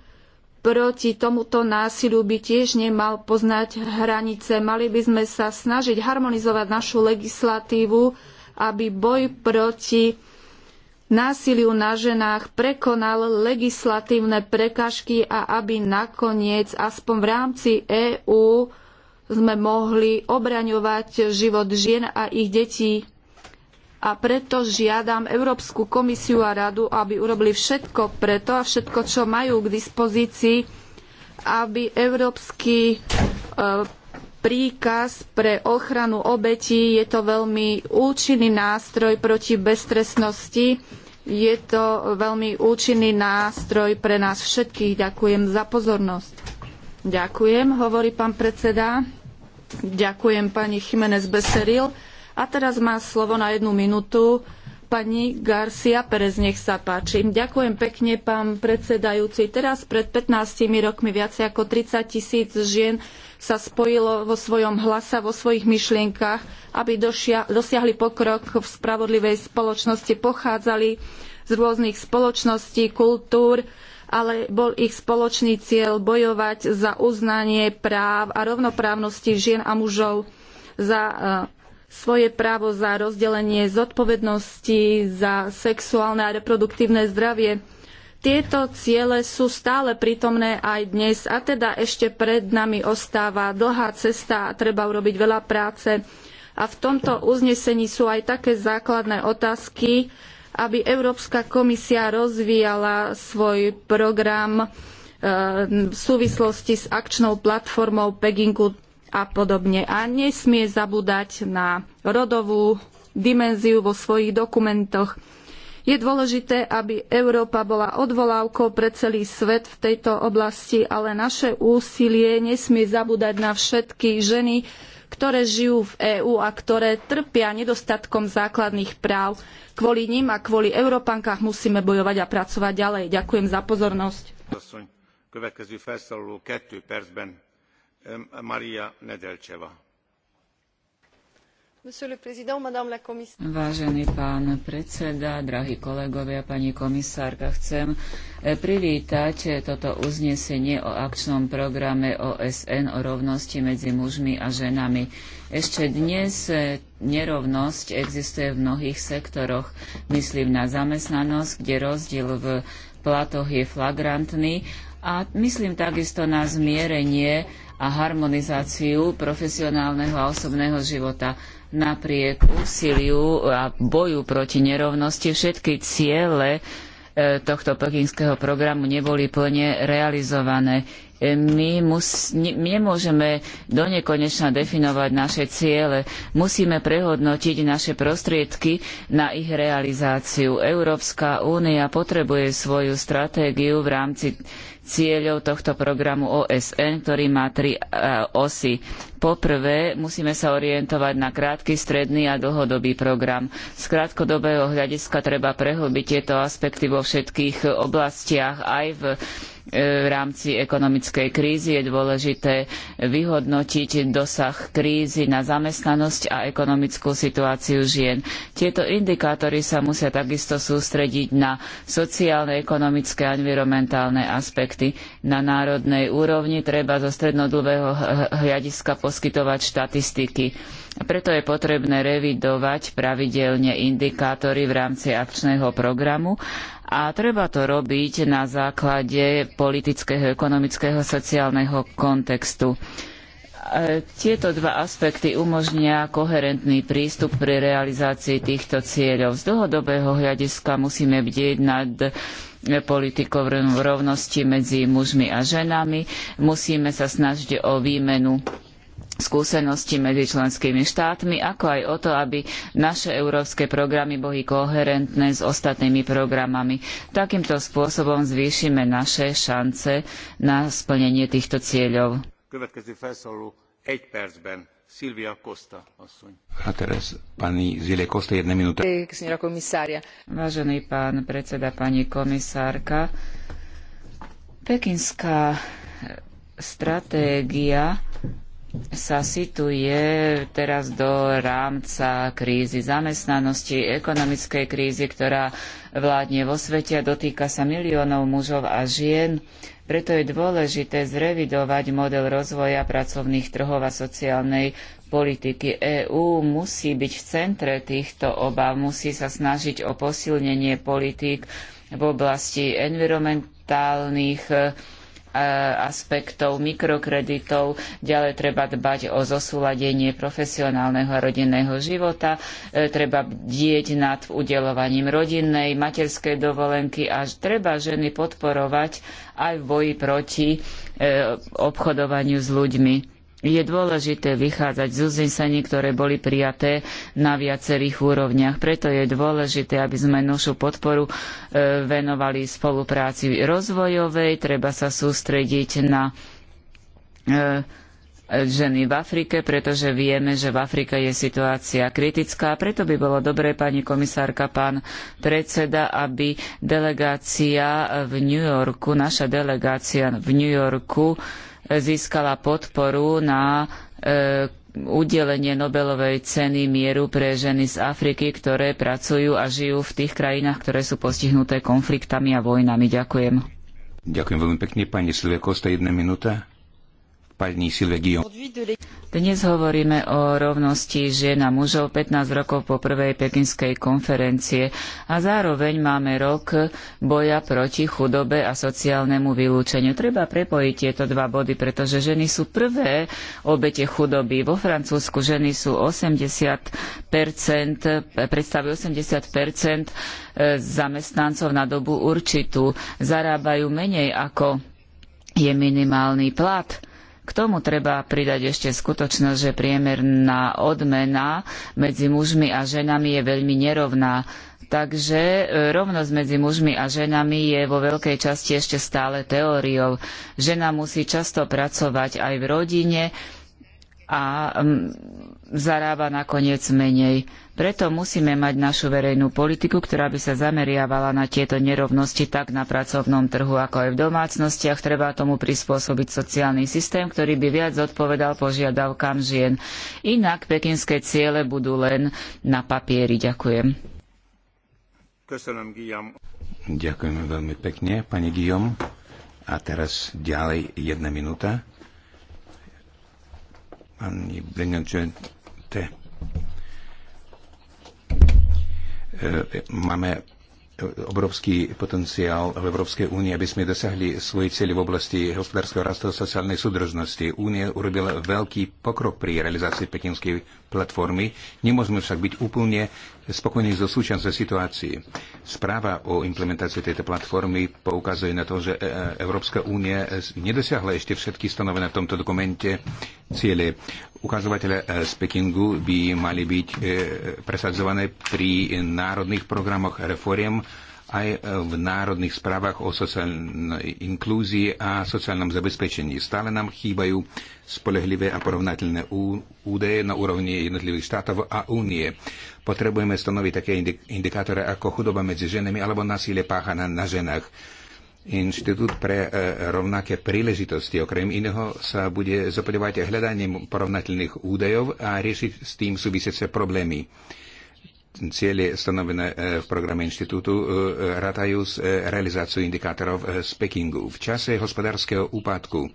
proti tomuto násiliu by tiež nemal poznať hranice. Mali by sme sa snažiť harmonizovať našu legislatívu, aby boj proti násiliu na ženách prekonal legislatívne prekažky a aby nakoniec aspoň v rámci EÚ sme mohli obraňovať život žien a ich detí. A preto žiadam Európsku komisiu a radu, aby urobili všetko preto a všetko, čo majú k dispozícii, aby európsky e, príkaz pre ochranu obetí je to veľmi účinný nástroj proti beztrestnosti. Je to veľmi účinný nástroj pre nás všetkých. Ďakujem za pozornosť. Ďakujem, hovorí pán predseda. Ďakujem pani Jiménez Beseril. A teraz má slovo na jednu minútu pani Garcia Perez, nech sa páči. Ďakujem pekne, pán predsedajúci. Teraz pred 15 rokmi viac ako 30 tisíc žien sa spojilo vo svojom hlase, vo svojich myšlienkach, aby dosiahli pokrok v spravodlivej spoločnosti. Pochádzali z rôznych spoločností, kultúr, ale bol ich spoločný cieľ bojovať za uznanie práv a rovnoprávnosti žien a mužov, za eh, svoje právo za rozdelenie zodpovednosti za sexuálne a reproduktívne zdravie. Tieto ciele sú stále prítomné aj dnes a teda ešte pred nami ostáva dlhá cesta a treba urobiť veľa práce. A v tomto uznesení sú aj také základné otázky, aby Európska komisia rozvíjala svoj program e, v súvislosti s akčnou platformou Pekingu a podobne. A nesmie zabúdať na rodovú dimenziu vo svojich dokumentoch. Je dôležité, aby Európa bola odvolávkou pre celý svet v tejto oblasti, ale naše úsilie nesmie zabúdať na všetky ženy, ktoré žijú v EÚ a ktoré trpia nedostatkom základných práv. Kvôli nim a kvôli Európankách musíme bojovať a pracovať ďalej. Ďakujem za pozornosť. Maria Vážený pán predseda, drahí kolegovia, pani komisárka, chcem e, privítať e, toto uznesenie o akčnom programe OSN o rovnosti medzi mužmi a ženami. Ešte dnes e, nerovnosť existuje v mnohých sektoroch. Myslím na zamestnanosť, kde rozdiel v platoch je flagrantný a myslím takisto na zmierenie a harmonizáciu profesionálneho a osobného života. Napriek úsiliu a boju proti nerovnosti všetky ciele e, tohto pekinského programu neboli plne realizované my mus, nemôžeme do nekonečna definovať naše ciele. Musíme prehodnotiť naše prostriedky na ich realizáciu. Európska únia potrebuje svoju stratégiu v rámci cieľov tohto programu OSN, ktorý má tri uh, osy. Poprvé, musíme sa orientovať na krátky, stredný a dlhodobý program. Z krátkodobého hľadiska treba prehlbiť tieto aspekty vo všetkých oblastiach, aj v E, v rámci ekonomickej krízy je dôležité vyhodnotiť dosah krízy na zamestnanosť a ekonomickú situáciu žien. Tieto indikátory sa musia takisto sústrediť na sociálne, ekonomické a environmentálne aspekty. Na národnej úrovni treba zo strednodlhého hľadiska poskytovať štatistiky preto je potrebné revidovať pravidelne indikátory v rámci akčného programu a treba to robiť na základe politického, ekonomického, sociálneho kontextu. E, tieto dva aspekty umožnia koherentný prístup pri realizácii týchto cieľov. Z dlhodobého hľadiska musíme bdieť nad politikou rovnosti medzi mužmi a ženami. Musíme sa snažiť o výmenu skúsenosti medzi členskými štátmi, ako aj o to, aby naše európske programy boli koherentné s ostatnými programami. Takýmto spôsobom zvýšime naše šance na splnenie týchto cieľov. A teraz pani Costa, jedna minúta. Vážený pán predseda, pani komisárka, pekinská stratégia sa situuje teraz do rámca krízy zamestnanosti, ekonomickej krízy, ktorá vládne vo svete a dotýka sa miliónov mužov a žien. Preto je dôležité zrevidovať model rozvoja pracovných trhov a sociálnej politiky. EÚ musí byť v centre týchto obáv, musí sa snažiť o posilnenie politík v oblasti environmentálnych aspektov mikrokreditov. Ďalej treba dbať o zosúladenie profesionálneho a rodinného života. E, treba dieť nad udelovaním rodinnej, materskej dovolenky a treba ženy podporovať aj v boji proti e, obchodovaniu s ľuďmi je dôležité vychádzať z uznesení, ktoré boli prijaté na viacerých úrovniach. Preto je dôležité, aby sme našu podporu e, venovali spolupráci rozvojovej, treba sa sústrediť na e, ženy v Afrike, pretože vieme, že v Afrike je situácia kritická. Preto by bolo dobré, pani komisárka, pán predseda, aby delegácia v New Yorku, naša delegácia v New Yorku, získala podporu na e, udelenie Nobelovej ceny mieru pre ženy z Afriky, ktoré pracujú a žijú v tých krajinách, ktoré sú postihnuté konfliktami a vojnami. Ďakujem. Ďakujem veľmi pekne, pani Silvia Kosta, jedna minúta pani Silvegio. Dnes hovoríme o rovnosti žien a mužov 15 rokov po prvej pekinskej konferencie a zároveň máme rok boja proti chudobe a sociálnemu vylúčeniu. Treba prepojiť tieto dva body, pretože ženy sú prvé obete chudoby. Vo Francúzsku ženy sú 80%, predstavujú 80% eh, zamestnancov na dobu určitú. Zarábajú menej ako je minimálny plat k tomu treba pridať ešte skutočnosť, že priemerná odmena medzi mužmi a ženami je veľmi nerovná. Takže e, rovnosť medzi mužmi a ženami je vo veľkej časti ešte stále teóriou. Žena musí často pracovať aj v rodine, a mm, zarába nakoniec menej. Preto musíme mať našu verejnú politiku, ktorá by sa zameriavala na tieto nerovnosti tak na pracovnom trhu, ako aj v domácnostiach. Treba tomu prispôsobiť sociálny systém, ktorý by viac odpovedal požiadavkám žien. Inak pekinské ciele budú len na papieri. Ďakujem. Ďakujeme veľmi pekne, pani Guillaume. A teraz ďalej jedna minúta pani e, Máme obrovský potenciál v Európskej únii, aby sme dosiahli svoje cieľe v oblasti hospodárskeho rastu a sociálnej súdržnosti. Únia urobila veľký pokrok pri realizácii pekinskej platformy. Nemôžeme však byť úplne spokojní so súčasnej situácii. Správa o implementácii tejto platformy poukazuje na to, že e, e, Európska únia nedosiahla ešte všetky stanovené v tomto dokumente ciele. Ukazovatele e, z Pekingu by mali byť presadzované pri národných programoch reforiem aj e, v národných správach o sociálnej inklúzii a sociálnom zabezpečení. Stále nám chýbajú spolehlivé a porovnateľné údaje na úrovni jednotlivých štátov a únie. Potrebujeme stanoviť také indikátore ako chudoba medzi ženami alebo nasilie páchané na ženách. Inštitút pre e, rovnaké príležitosti okrem iného sa bude zapodívať hľadaním porovnateľných údajov a riešiť s tým súvisiace problémy ciele stanovené e, v programe inštitútu e, rátajú s e, realizáciou indikátorov z Pekingu. V čase hospodárskeho úpadku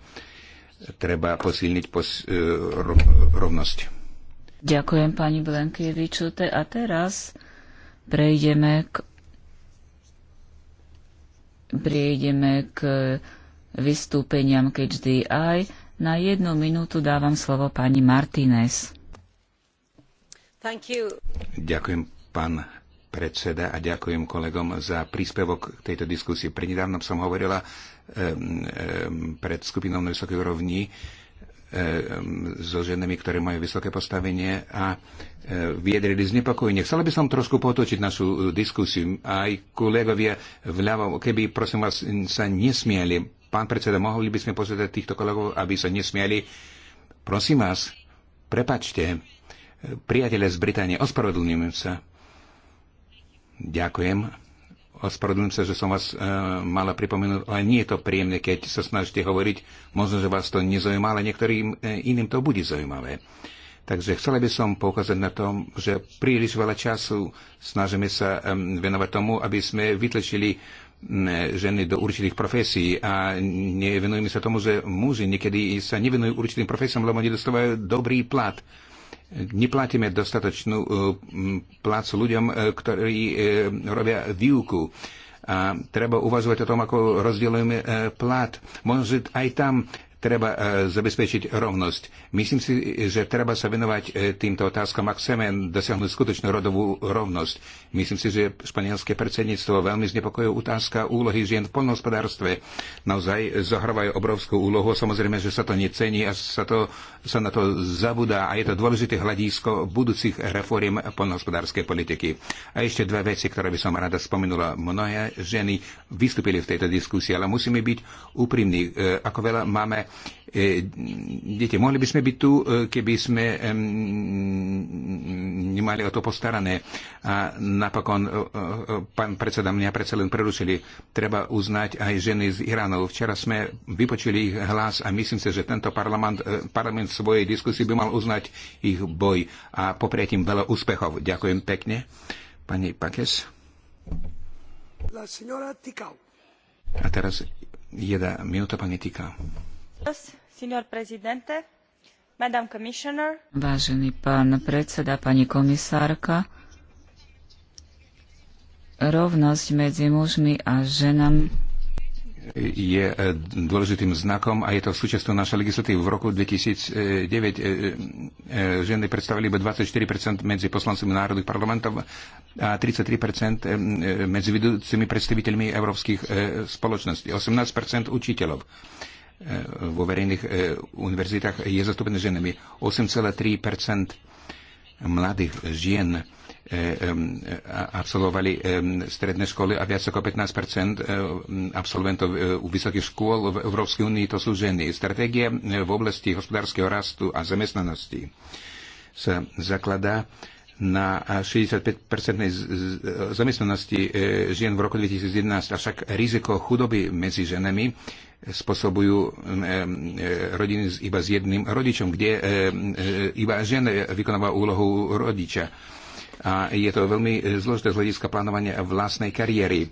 treba posilniť pos- rovnosť. Ďakujem pani Blenkievičute. A teraz prejdeme k prejdeme k vystúpeniam KHDI. Na jednu minútu dávam slovo pani Martinez. Ďakujem, pán predseda, a ďakujem kolegom za príspevok k tejto diskusii. Prednedávnom som hovorila pred skupinou na vysokej úrovni so ženami, ktoré majú vysoké postavenie a vyjadrili znepokojenie. Chcela by som trošku potočiť našu e, diskusiu. Aj kolegovia vľavo, keby prosím vás sa nesmiali, pán predseda, mohli by sme pozvedať týchto kolegov, aby sa nesmiali. Prosím vás, prepačte, priateľa z Británie. Ospravedlňujem sa. Ďakujem. Ospravedlňujem sa, že som vás e, mala pripomenúť, ale nie je to príjemné, keď sa snažíte hovoriť. Možno, že vás to nezaujíma, ale niektorým e, iným to bude zaujímavé. Takže chcela by som poukázať na tom, že príliš veľa času snažíme sa e, venovať tomu, aby sme vytlečili ženy do určitých profesí a nevenujeme sa tomu, že muži niekedy sa nevenujú určitým profesiám, lebo nedostávajú dobrý plat neplatíme dostatočnú e, plácu ľuďom, e, ktorí e, robia výuku. A treba uvažovať o tom, ako rozdielujeme plat. Možno aj tam treba e, zabezpečiť rovnosť. Myslím si, že treba sa venovať e, týmto otázkam, ak chceme dosiahnuť skutočnú rodovú rovnosť. Myslím si, že španielské predsedníctvo veľmi znepokojuje otázka úlohy žien v polnohospodárstve. Naozaj zohrávajú obrovskú úlohu. Samozrejme, že sa to necení a sa, to, sa na to zabudá a je to dôležité hľadisko budúcich reforiem polnohospodárskej politiky. A ešte dve veci, ktoré by som rada spomenula. Mnohé ženy vystúpili v tejto diskusii, ale musíme byť úprimní, e, ako veľa máme E, deti. Mohli by sme byť tu, e, keby sme nemali o to postarané. A napokon, e, e, pán predseda, mňa predsa len prerušili. Treba uznať aj ženy z Iránu. Včera sme vypočuli ich hlas a myslím si, že tento parlament, parlament svojej diskusii by mal uznať ich boj. A poprieť im veľa úspechov. Ďakujem pekne. Pani Pakes. A teraz jedna minúta, pani Tikau. Vážený pán predseda, pani komisárka, rovnosť medzi mužmi a ženami je e, dôležitým znakom a je to súčasťou našej legislatívy. V roku 2009 e, e, ženy predstavili iba 24% medzi poslancami národných parlamentov a 33% e, medzi vedúcimi predstaviteľmi európskych e, spoločností, 18% učiteľov. E, vo verejných e, univerzitách je zastúpené ženami. 8,3 mladých žien e, absolvovali stredné školy a viac ako 15 absolventov u vysokých škôl v Európskej únii to sú ženy. Stratégia v oblasti hospodárskeho rastu a zamestnanosti sa zakladá na 65 zamestnanosti žien v roku 2011, avšak riziko chudoby medzi ženami spôsobujú rodiny iba s jedným rodičom, kde iba žena vykonáva úlohu rodiča. A je to veľmi e, zložité z hľadiska plánovania vlastnej kariéry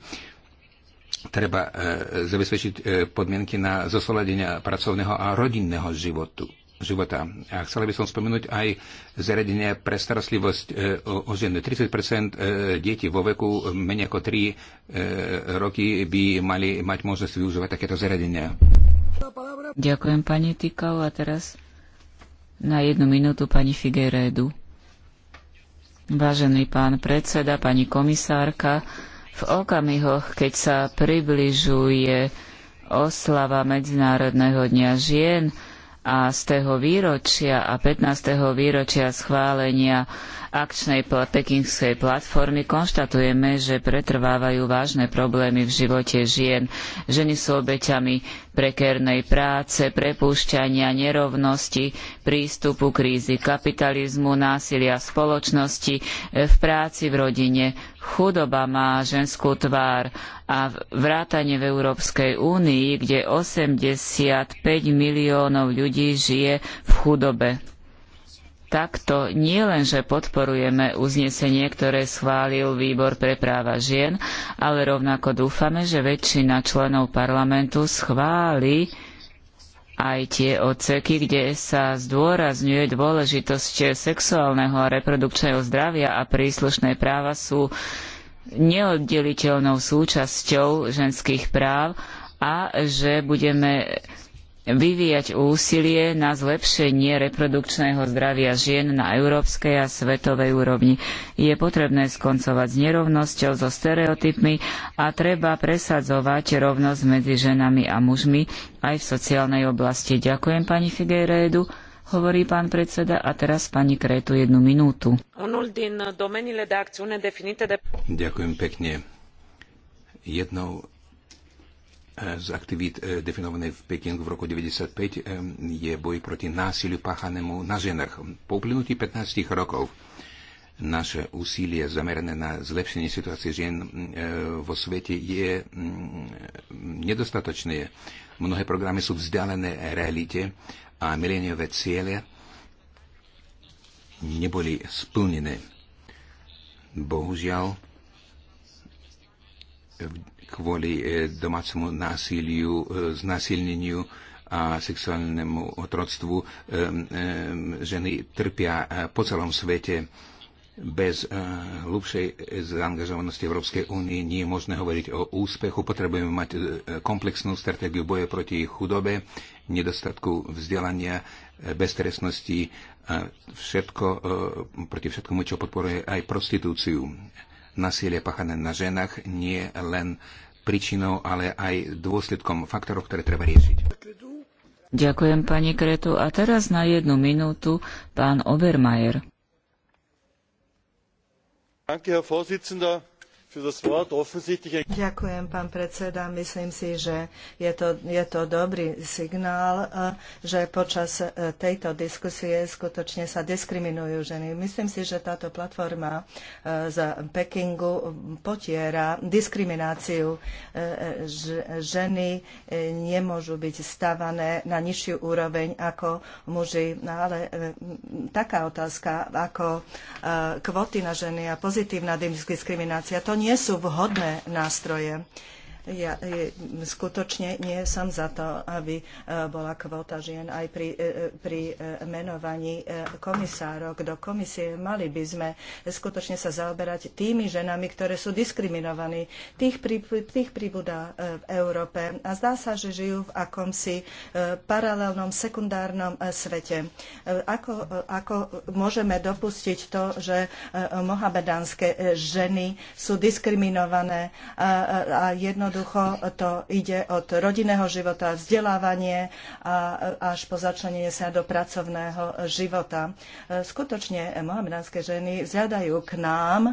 treba e, zabezpečiť e, podmienky na zosledenia pracovného a rodinného životu života. A chcel by som spomenúť aj zariadenia pre starostlivosť e, o, o ženy. 30 e, detí vo veku e, menej ako 3 roky by mali mať možnosť využívať takéto zariadenia. Ďakujem pani Tikau a teraz na jednu minútu pani Figueredu. Vážený pán predseda, pani komisárka, v okamihoch, keď sa približuje oslava Medzinárodného dňa žien, a z tého výročia a 15. výročia schválenia akčnej pekingskej platformy konštatujeme, že pretrvávajú vážne problémy v živote žien. Ženy sú obeťami prekernej práce, prepúšťania, nerovnosti, prístupu krízy kapitalizmu, násilia v spoločnosti, eh, v práci, v rodine, Chudoba má ženskú tvár a vrátane v Európskej únii, kde 85 miliónov ľudí žije v chudobe. Takto nielenže podporujeme uznesenie, ktoré schválil Výbor pre práva žien, ale rovnako dúfame, že väčšina členov parlamentu schváli aj tie odseky, kde sa zdôrazňuje dôležitosť sexuálneho a reprodukčného zdravia a príslušné práva sú neoddeliteľnou súčasťou ženských práv a že budeme vyvíjať úsilie na zlepšenie reprodukčného zdravia žien na európskej a svetovej úrovni. Je potrebné skoncovať s nerovnosťou, so stereotypmi a treba presadzovať rovnosť medzi ženami a mužmi aj v sociálnej oblasti. Ďakujem pani Figueiredu, hovorí pán predseda a teraz pani Kretu jednu minútu. Ďakujem pekne. Jednou z aktivít e, definovaných v Pekingu v roku 1995 e, je boj proti násiliu páchanému na ženách. Po uplynutí 15 rokov naše úsilie zamerané na zlepšenie situácie žien e, vo svete je mm, nedostatočné. Mnohé programy sú vzdialené realite a mileniové ciele neboli splnené. Bohužiaľ, kvôli e, domácemu násiliu, e, znásilneniu a sexuálnemu otroctvu e, ženy trpia po celom svete. Bez hlubšej zaangažovanosti Európskej únie nie je možné hovoriť o úspechu. Potrebujeme mať komplexnú stratégiu boja proti chudobe, nedostatku vzdelania, beztresnosti všetko, proti všetkomu, čo podporuje aj prostitúciu nasilie páchané na ženách nie len príčinou, ale aj dôsledkom faktorov, ktoré treba riešiť. Ďakujem, pani Kretu. A teraz na jednu minútu pán Obermajer. Danke, Herr Ďakujem, pán predseda. Myslím si, že je to, je to dobrý signál, eh, že počas eh, tejto diskusie skutočne sa diskriminujú ženy. Myslím si, že táto platforma eh, z Pekingu potiera diskrimináciu. Ženy nemôžu byť stavané na nižšiu úroveň ako muži, no, ale taká otázka ako kvoty na ženy a pozitívna diskriminácia, to nie nie sú vhodné nástroje ja skutočne nie som za to, aby e, bola kvóta žien aj pri, e, e, pri menovaní komisárok do komisie. Mali by sme skutočne sa zaoberať tými ženami, ktoré sú diskriminovaní. Tých, pri, tých v Európe a zdá sa, že žijú v akomsi paralelnom, sekundárnom svete. Ako, ako môžeme dopustiť to, že mohamedánske ženy sú diskriminované a, a jednoducho Jednoducho to ide od rodinného života, vzdelávanie a až po začlenenie sa do pracovného života. E, skutočne e, mohamedánske ženy zjadajú k nám, e,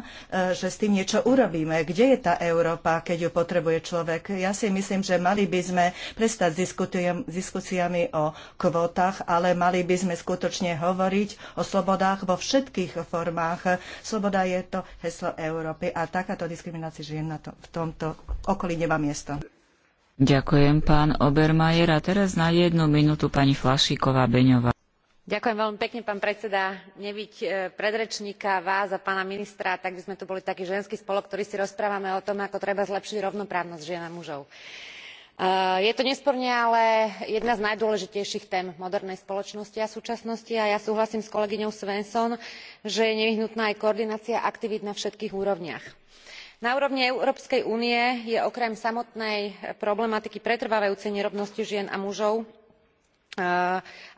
že s tým niečo urobíme. Kde je tá Európa, keď ju potrebuje človek? Ja si myslím, že mali by sme prestať s diskusiami o kvótach, ale mali by sme skutočne hovoriť o slobodách vo všetkých formách. Sloboda je to heslo Európy a takáto diskriminácia žien na to, v tomto okolí nemá iba miesto. Ďakujem, pán Obermajer. A teraz na jednu minútu pani Flašíková Beňová. Ďakujem veľmi pekne, pán predseda. Nebyť e, predrečníka, vás a pána ministra, tak by sme tu boli taký ženský spolok, ktorý si rozprávame o tom, ako treba zlepšiť rovnoprávnosť žien a mužov. E, je to nesporne ale jedna z najdôležitejších tém modernej spoločnosti a súčasnosti a ja súhlasím s kolegyňou Svensson, že je nevyhnutná aj koordinácia aktivít na všetkých úrovniach na úrovni európskej únie je okrem samotnej problematiky pretrvávajúcej nerovnosti žien a mužov eh,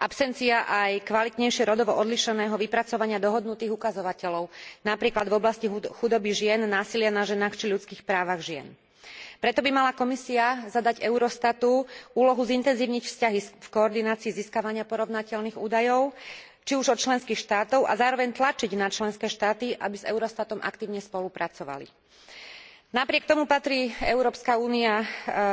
absencia aj kvalitnejšie rodovo odlíšeného vypracovania dohodnutých ukazovateľov napríklad v oblasti chudoby žien násilia na ženách či ľudských právach žien. preto by mala komisia zadať eurostatu úlohu zintenzívniť vzťahy v koordinácii získavania porovnateľných údajov či už od členských štátov a zároveň tlačiť na členské štáty aby s eurostatom aktívne spolupracovali napriek tomu patrí európska únia e,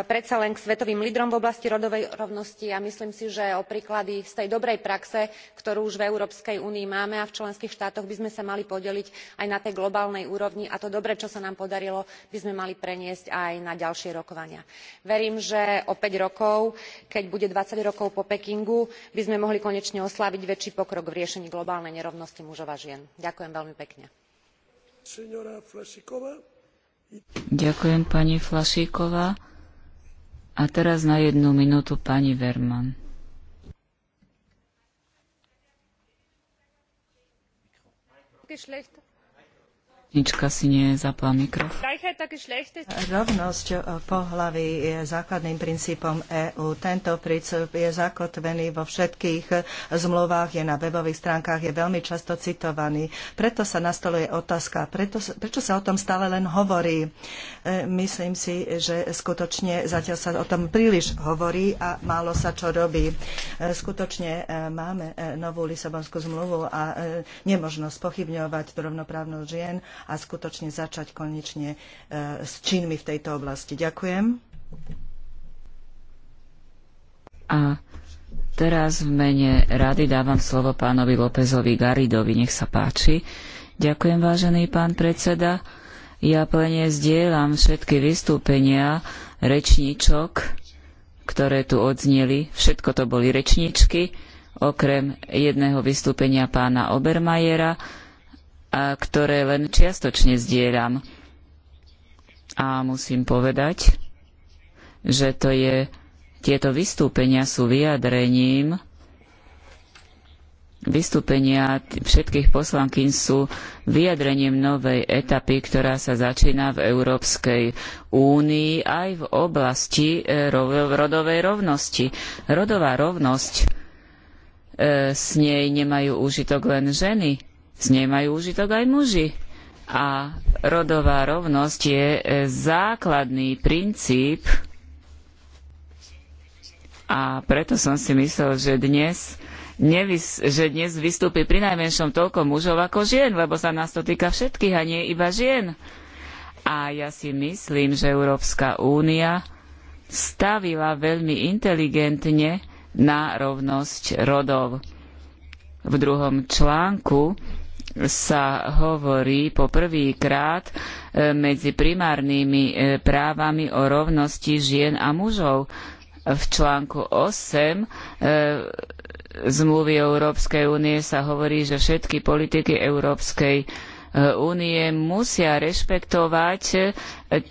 predsa len k svetovým lídrom v oblasti rodovej rovnosti a myslím si že o príklady z tej dobrej praxe ktorú už v európskej únii máme a v členských štátoch by sme sa mali podeliť aj na tej globálnej úrovni a to dobré čo sa nám podarilo by sme mali preniesť aj na ďalšie rokovania. verím že o päť rokov keď bude twenty rokov po pekingu by sme mohli konečne osláviť väčší pokrok v riešení globálnej nerovnosti mužov a žien. ďakujem veľmi pekne. Ďakujem pani Flašíková. A teraz na jednu minútu pani Verman. Geschlechter Nička si nezapla mikrofón. Rovnosť pohlaví je základným princípom EÚ. Tento princíp je zakotvený vo všetkých zmluvách, je na webových stránkach, je veľmi často citovaný. Preto sa nastoluje otázka, preto, prečo sa o tom stále len hovorí. E, myslím si, že skutočne zatiaľ sa o tom príliš hovorí a málo sa čo robí. E, skutočne e, máme novú Lisabonskú zmluvu a nemožno spochybňovať rovnoprávnosť žien a skutočne začať konečne e, s činmi v tejto oblasti. Ďakujem. A teraz v mene rady dávam slovo pánovi Lópezovi Garidovi. Nech sa páči. Ďakujem, vážený pán predseda. Ja plne zdieľam všetky vystúpenia rečníčok, ktoré tu odzneli. Všetko to boli rečníčky, okrem jedného vystúpenia pána Obermajera, ktoré len čiastočne zdieľam. A musím povedať, že to je, tieto vystúpenia sú vyjadrením Vystúpenia všetkých poslankyň sú vyjadrením novej etapy, ktorá sa začína v Európskej únii aj v oblasti e, rodovej rovnosti. Rodová rovnosť, e, s nej nemajú úžitok len ženy, z nej majú užitok aj muži. A rodová rovnosť je e, základný princíp a preto som si myslel, že dnes, nevys- že dnes vystúpi pri najmenšom toľko mužov ako žien, lebo sa nás to týka všetkých a nie iba žien. A ja si myslím, že Európska únia stavila veľmi inteligentne na rovnosť rodov. V druhom článku sa hovorí po krát e, medzi primárnymi e, právami o rovnosti žien a mužov. V článku 8 e, zmluvy Európskej únie sa hovorí, že všetky politiky Európskej únie musia rešpektovať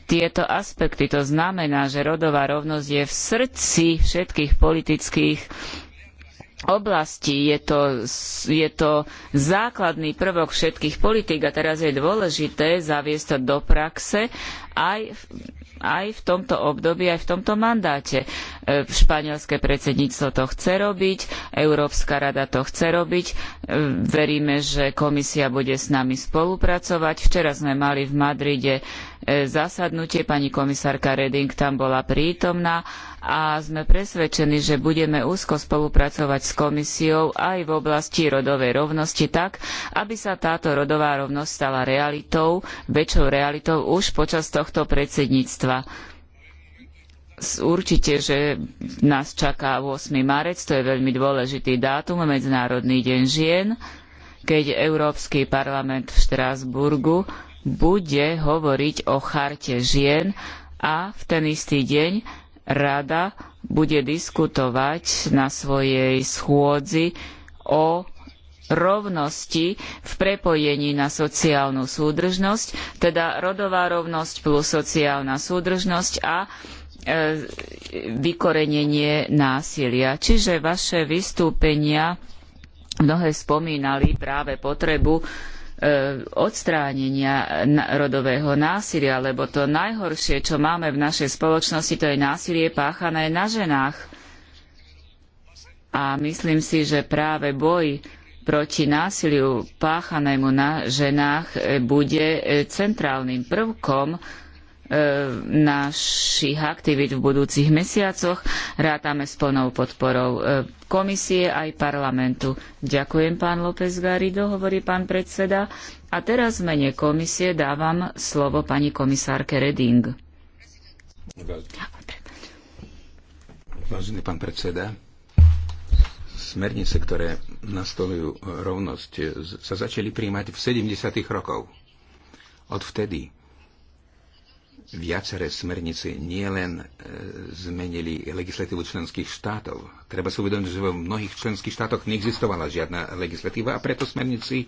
tieto aspekty. To znamená, že rodová rovnosť je v srdci všetkých politických oblasti, je to, je to, základný prvok všetkých politík a teraz je dôležité zaviesť to do praxe aj v, aj v tomto období, aj v tomto mandáte. E, Španielske predsedníctvo to chce robiť, Európska rada to chce robiť, e, veríme, že komisia bude s nami spolupracovať. Včera sme mali v Madride E, zasadnutie. Pani komisárka Reding tam bola prítomná a sme presvedčení, že budeme úzko spolupracovať s komisiou aj v oblasti rodovej rovnosti tak, aby sa táto rodová rovnosť stala realitou, väčšou realitou už počas tohto predsedníctva určite, že nás čaká 8. marec, to je veľmi dôležitý dátum, Medzinárodný deň žien, keď Európsky parlament v Štrásburgu bude hovoriť o charte žien a v ten istý deň rada bude diskutovať na svojej schôdzi o rovnosti v prepojení na sociálnu súdržnosť, teda rodová rovnosť plus sociálna súdržnosť a e, vykorenenie násilia. Čiže vaše vystúpenia mnohé spomínali práve potrebu E, odstránenia rodového násilia, lebo to najhoršie, čo máme v našej spoločnosti, to je násilie páchané na ženách. A myslím si, že práve boj proti násiliu páchanému na ženách e, bude e, centrálnym prvkom E, našich aktivít v budúcich mesiacoch. Rátame s plnou podporou e, komisie aj parlamentu. Ďakujem, pán López Garido, hovorí pán predseda. A teraz v mene komisie dávam slovo pani komisárke Reding. Vážený pán predseda, smernice, ktoré nastolujú rovnosť, e, sa začali príjmať v 70. rokoch. Odvtedy viaceré smernice nielen e, zmenili legislatívu členských štátov. Treba si uvedomiť, že vo mnohých členských štátoch neexistovala žiadna legislatíva a preto smernici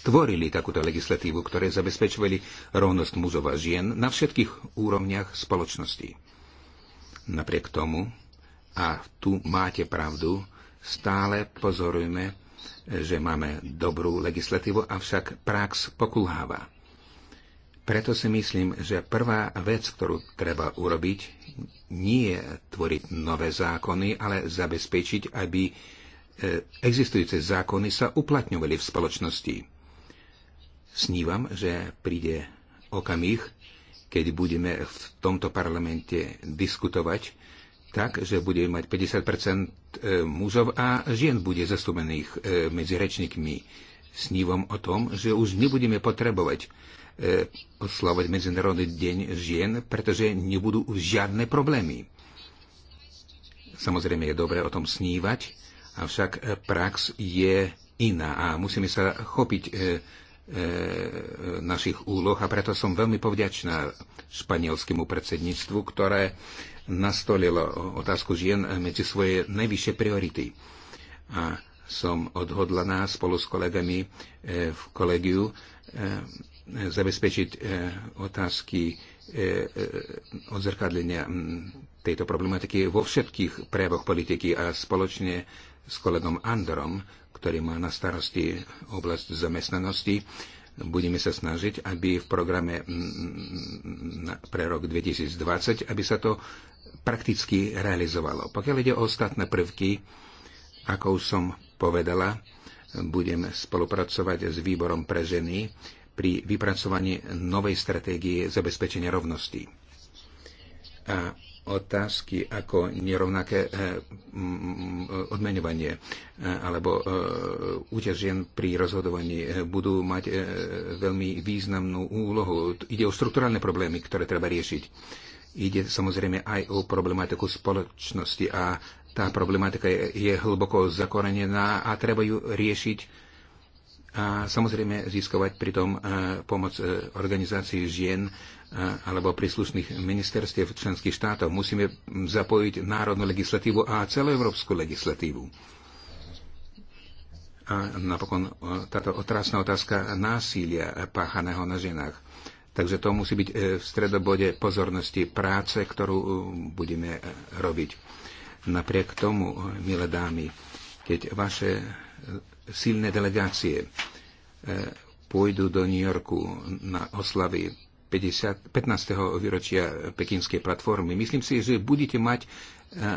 tvorili takúto legislatívu, ktoré zabezpečovali rovnosť mužov a žien na všetkých úrovniach spoločnosti. Napriek tomu, a tu máte pravdu, stále pozorujeme, že máme dobrú legislatívu, avšak prax pokulháva preto si myslím, že prvá vec, ktorú treba urobiť, nie je tvoriť nové zákony, ale zabezpečiť, aby e, existujúce zákony sa uplatňovali v spoločnosti. Snívam, že príde okamih, keď budeme v tomto parlamente diskutovať tak, že budeme mať 50 e, mužov a žien bude zastúpených e, medzi rečníkmi. Snívam o tom, že už nebudeme potrebovať E, oslavovať Medzinárodný deň žien, pretože nebudú žiadne problémy. Samozrejme je dobré o tom snívať, avšak prax je iná a musíme sa chopiť e, e, našich úloh a preto som veľmi povďačná španielskému predsedníctvu, ktoré nastolilo otázku žien medzi svoje najvyššie priority. A som odhodlaná spolu s kolegami v kolegiu zabezpečiť e, otázky e, e, odzrkadlenia tejto problematiky vo všetkých prejavoch politiky a spoločne s kolegom Andorom, ktorý má na starosti oblasť zamestnanosti, budeme sa snažiť, aby v programe pre rok 2020, aby sa to prakticky realizovalo. Pokiaľ ide o ostatné prvky, ako už som povedala, budem spolupracovať s výborom pre ženy, pri vypracovaní novej stratégie zabezpečenia rovnosti. A otázky ako nerovnaké eh, mm, odmeňovanie eh, alebo eh, úťažien žien pri rozhodovaní budú mať veľmi významnú úlohu. Ide o strukturálne problémy, ktoré treba riešiť. Ide samozrejme aj o problematiku spoločnosti a tá problematika je hlboko zakorenená a treba ju riešiť a samozrejme získovať pritom e, pomoc e, organizácií žien e, alebo príslušných ministerstiev členských štátov. Musíme zapojiť národnú legislatívu a európsku legislatívu. A napokon táto otrasná otázka násilia páchaného na ženách. Takže to musí byť v stredobode pozornosti práce, ktorú budeme robiť. Napriek tomu, milé dámy, keď vaše silné delegácie e, pôjdu do New Yorku na oslavy 50, 15. výročia Pekinskej platformy. Myslím si, že budete mať e, e,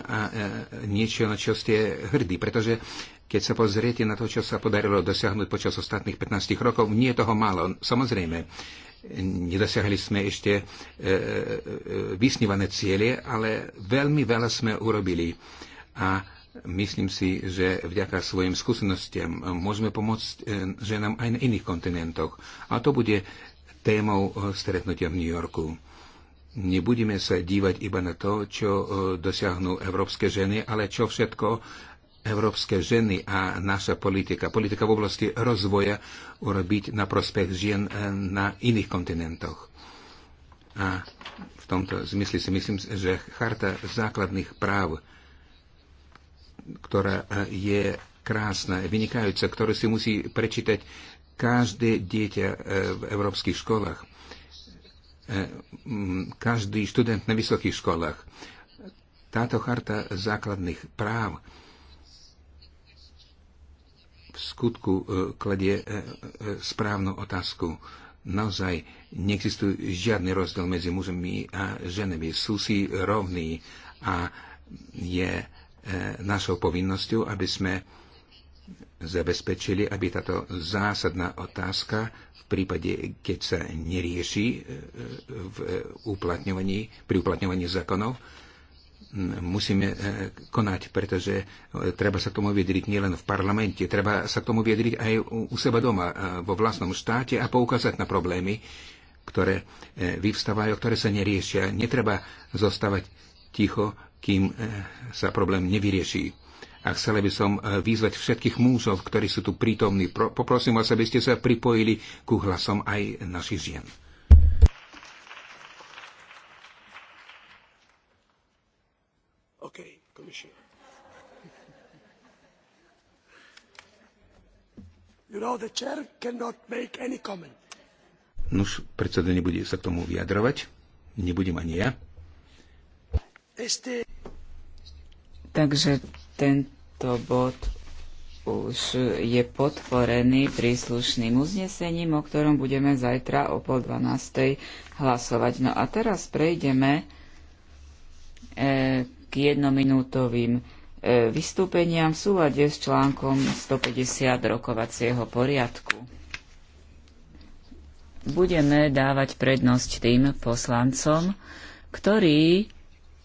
niečo, na čo ste hrdí, pretože keď sa pozriete na to, čo sa podarilo dosiahnuť počas ostatných 15 rokov, nie je toho málo. Samozrejme, nedosiahli sme ešte vysnívané ciele, ale veľmi veľa sme urobili. A Myslím si, že vďaka svojim skúsenostiam e, môžeme pomôcť e, ženám aj na iných kontinentoch. A to bude témou e, stretnutia v New Yorku. Nebudeme sa dívať iba na to, čo dosiahnu európske ženy, ale čo všetko európske ženy a naša politika, politika v oblasti rozvoja urobiť na prospech žien na iných kontinentoch. A v tomto zmysle si myslím, že charta základných práv ktorá e, je krásna, vynikajúca, ktorú si musí prečítať každé dieťa e, v európskych školách, e, každý študent na vysokých školách. Táto charta základných práv v skutku kladie správnu otázku. Naozaj neexistuje žiadny rozdiel medzi mužmi a ženami. Sú si rovní a je E, našou povinnosťou, aby sme zabezpečili, aby táto zásadná otázka v prípade, keď sa nerieši e, v e, uplatňovaní, pri uplatňovaní zákonov, musíme konať, pretože treba sa k tomu vyjadriť nielen v parlamente, treba sa k tomu vyjadriť aj u seba doma, vo vlastnom štáte a poukázať na problémy, ktoré vyvstávajú, ktoré sa neriešia. Netreba zostávať ticho kým e, sa problém nevyrieši. A chcel by som e, vyzvať všetkých múzov, ktorí sú tu prítomní. Poprosím vás, aby ste sa pripojili ku hlasom aj našich žien. Okay, Commissioner. You know, the chair cannot make any comment. Nuž, predseda nebude sa k tomu vyjadrovať. Nebudem ani ja. Este... Takže tento bod už je podporený príslušným uznesením, o ktorom budeme zajtra o pol dvanástej hlasovať. No a teraz prejdeme e, k jednominútovým e, vystúpeniam v súlade s článkom 150 rokovacieho poriadku. Budeme dávať prednosť tým poslancom, ktorí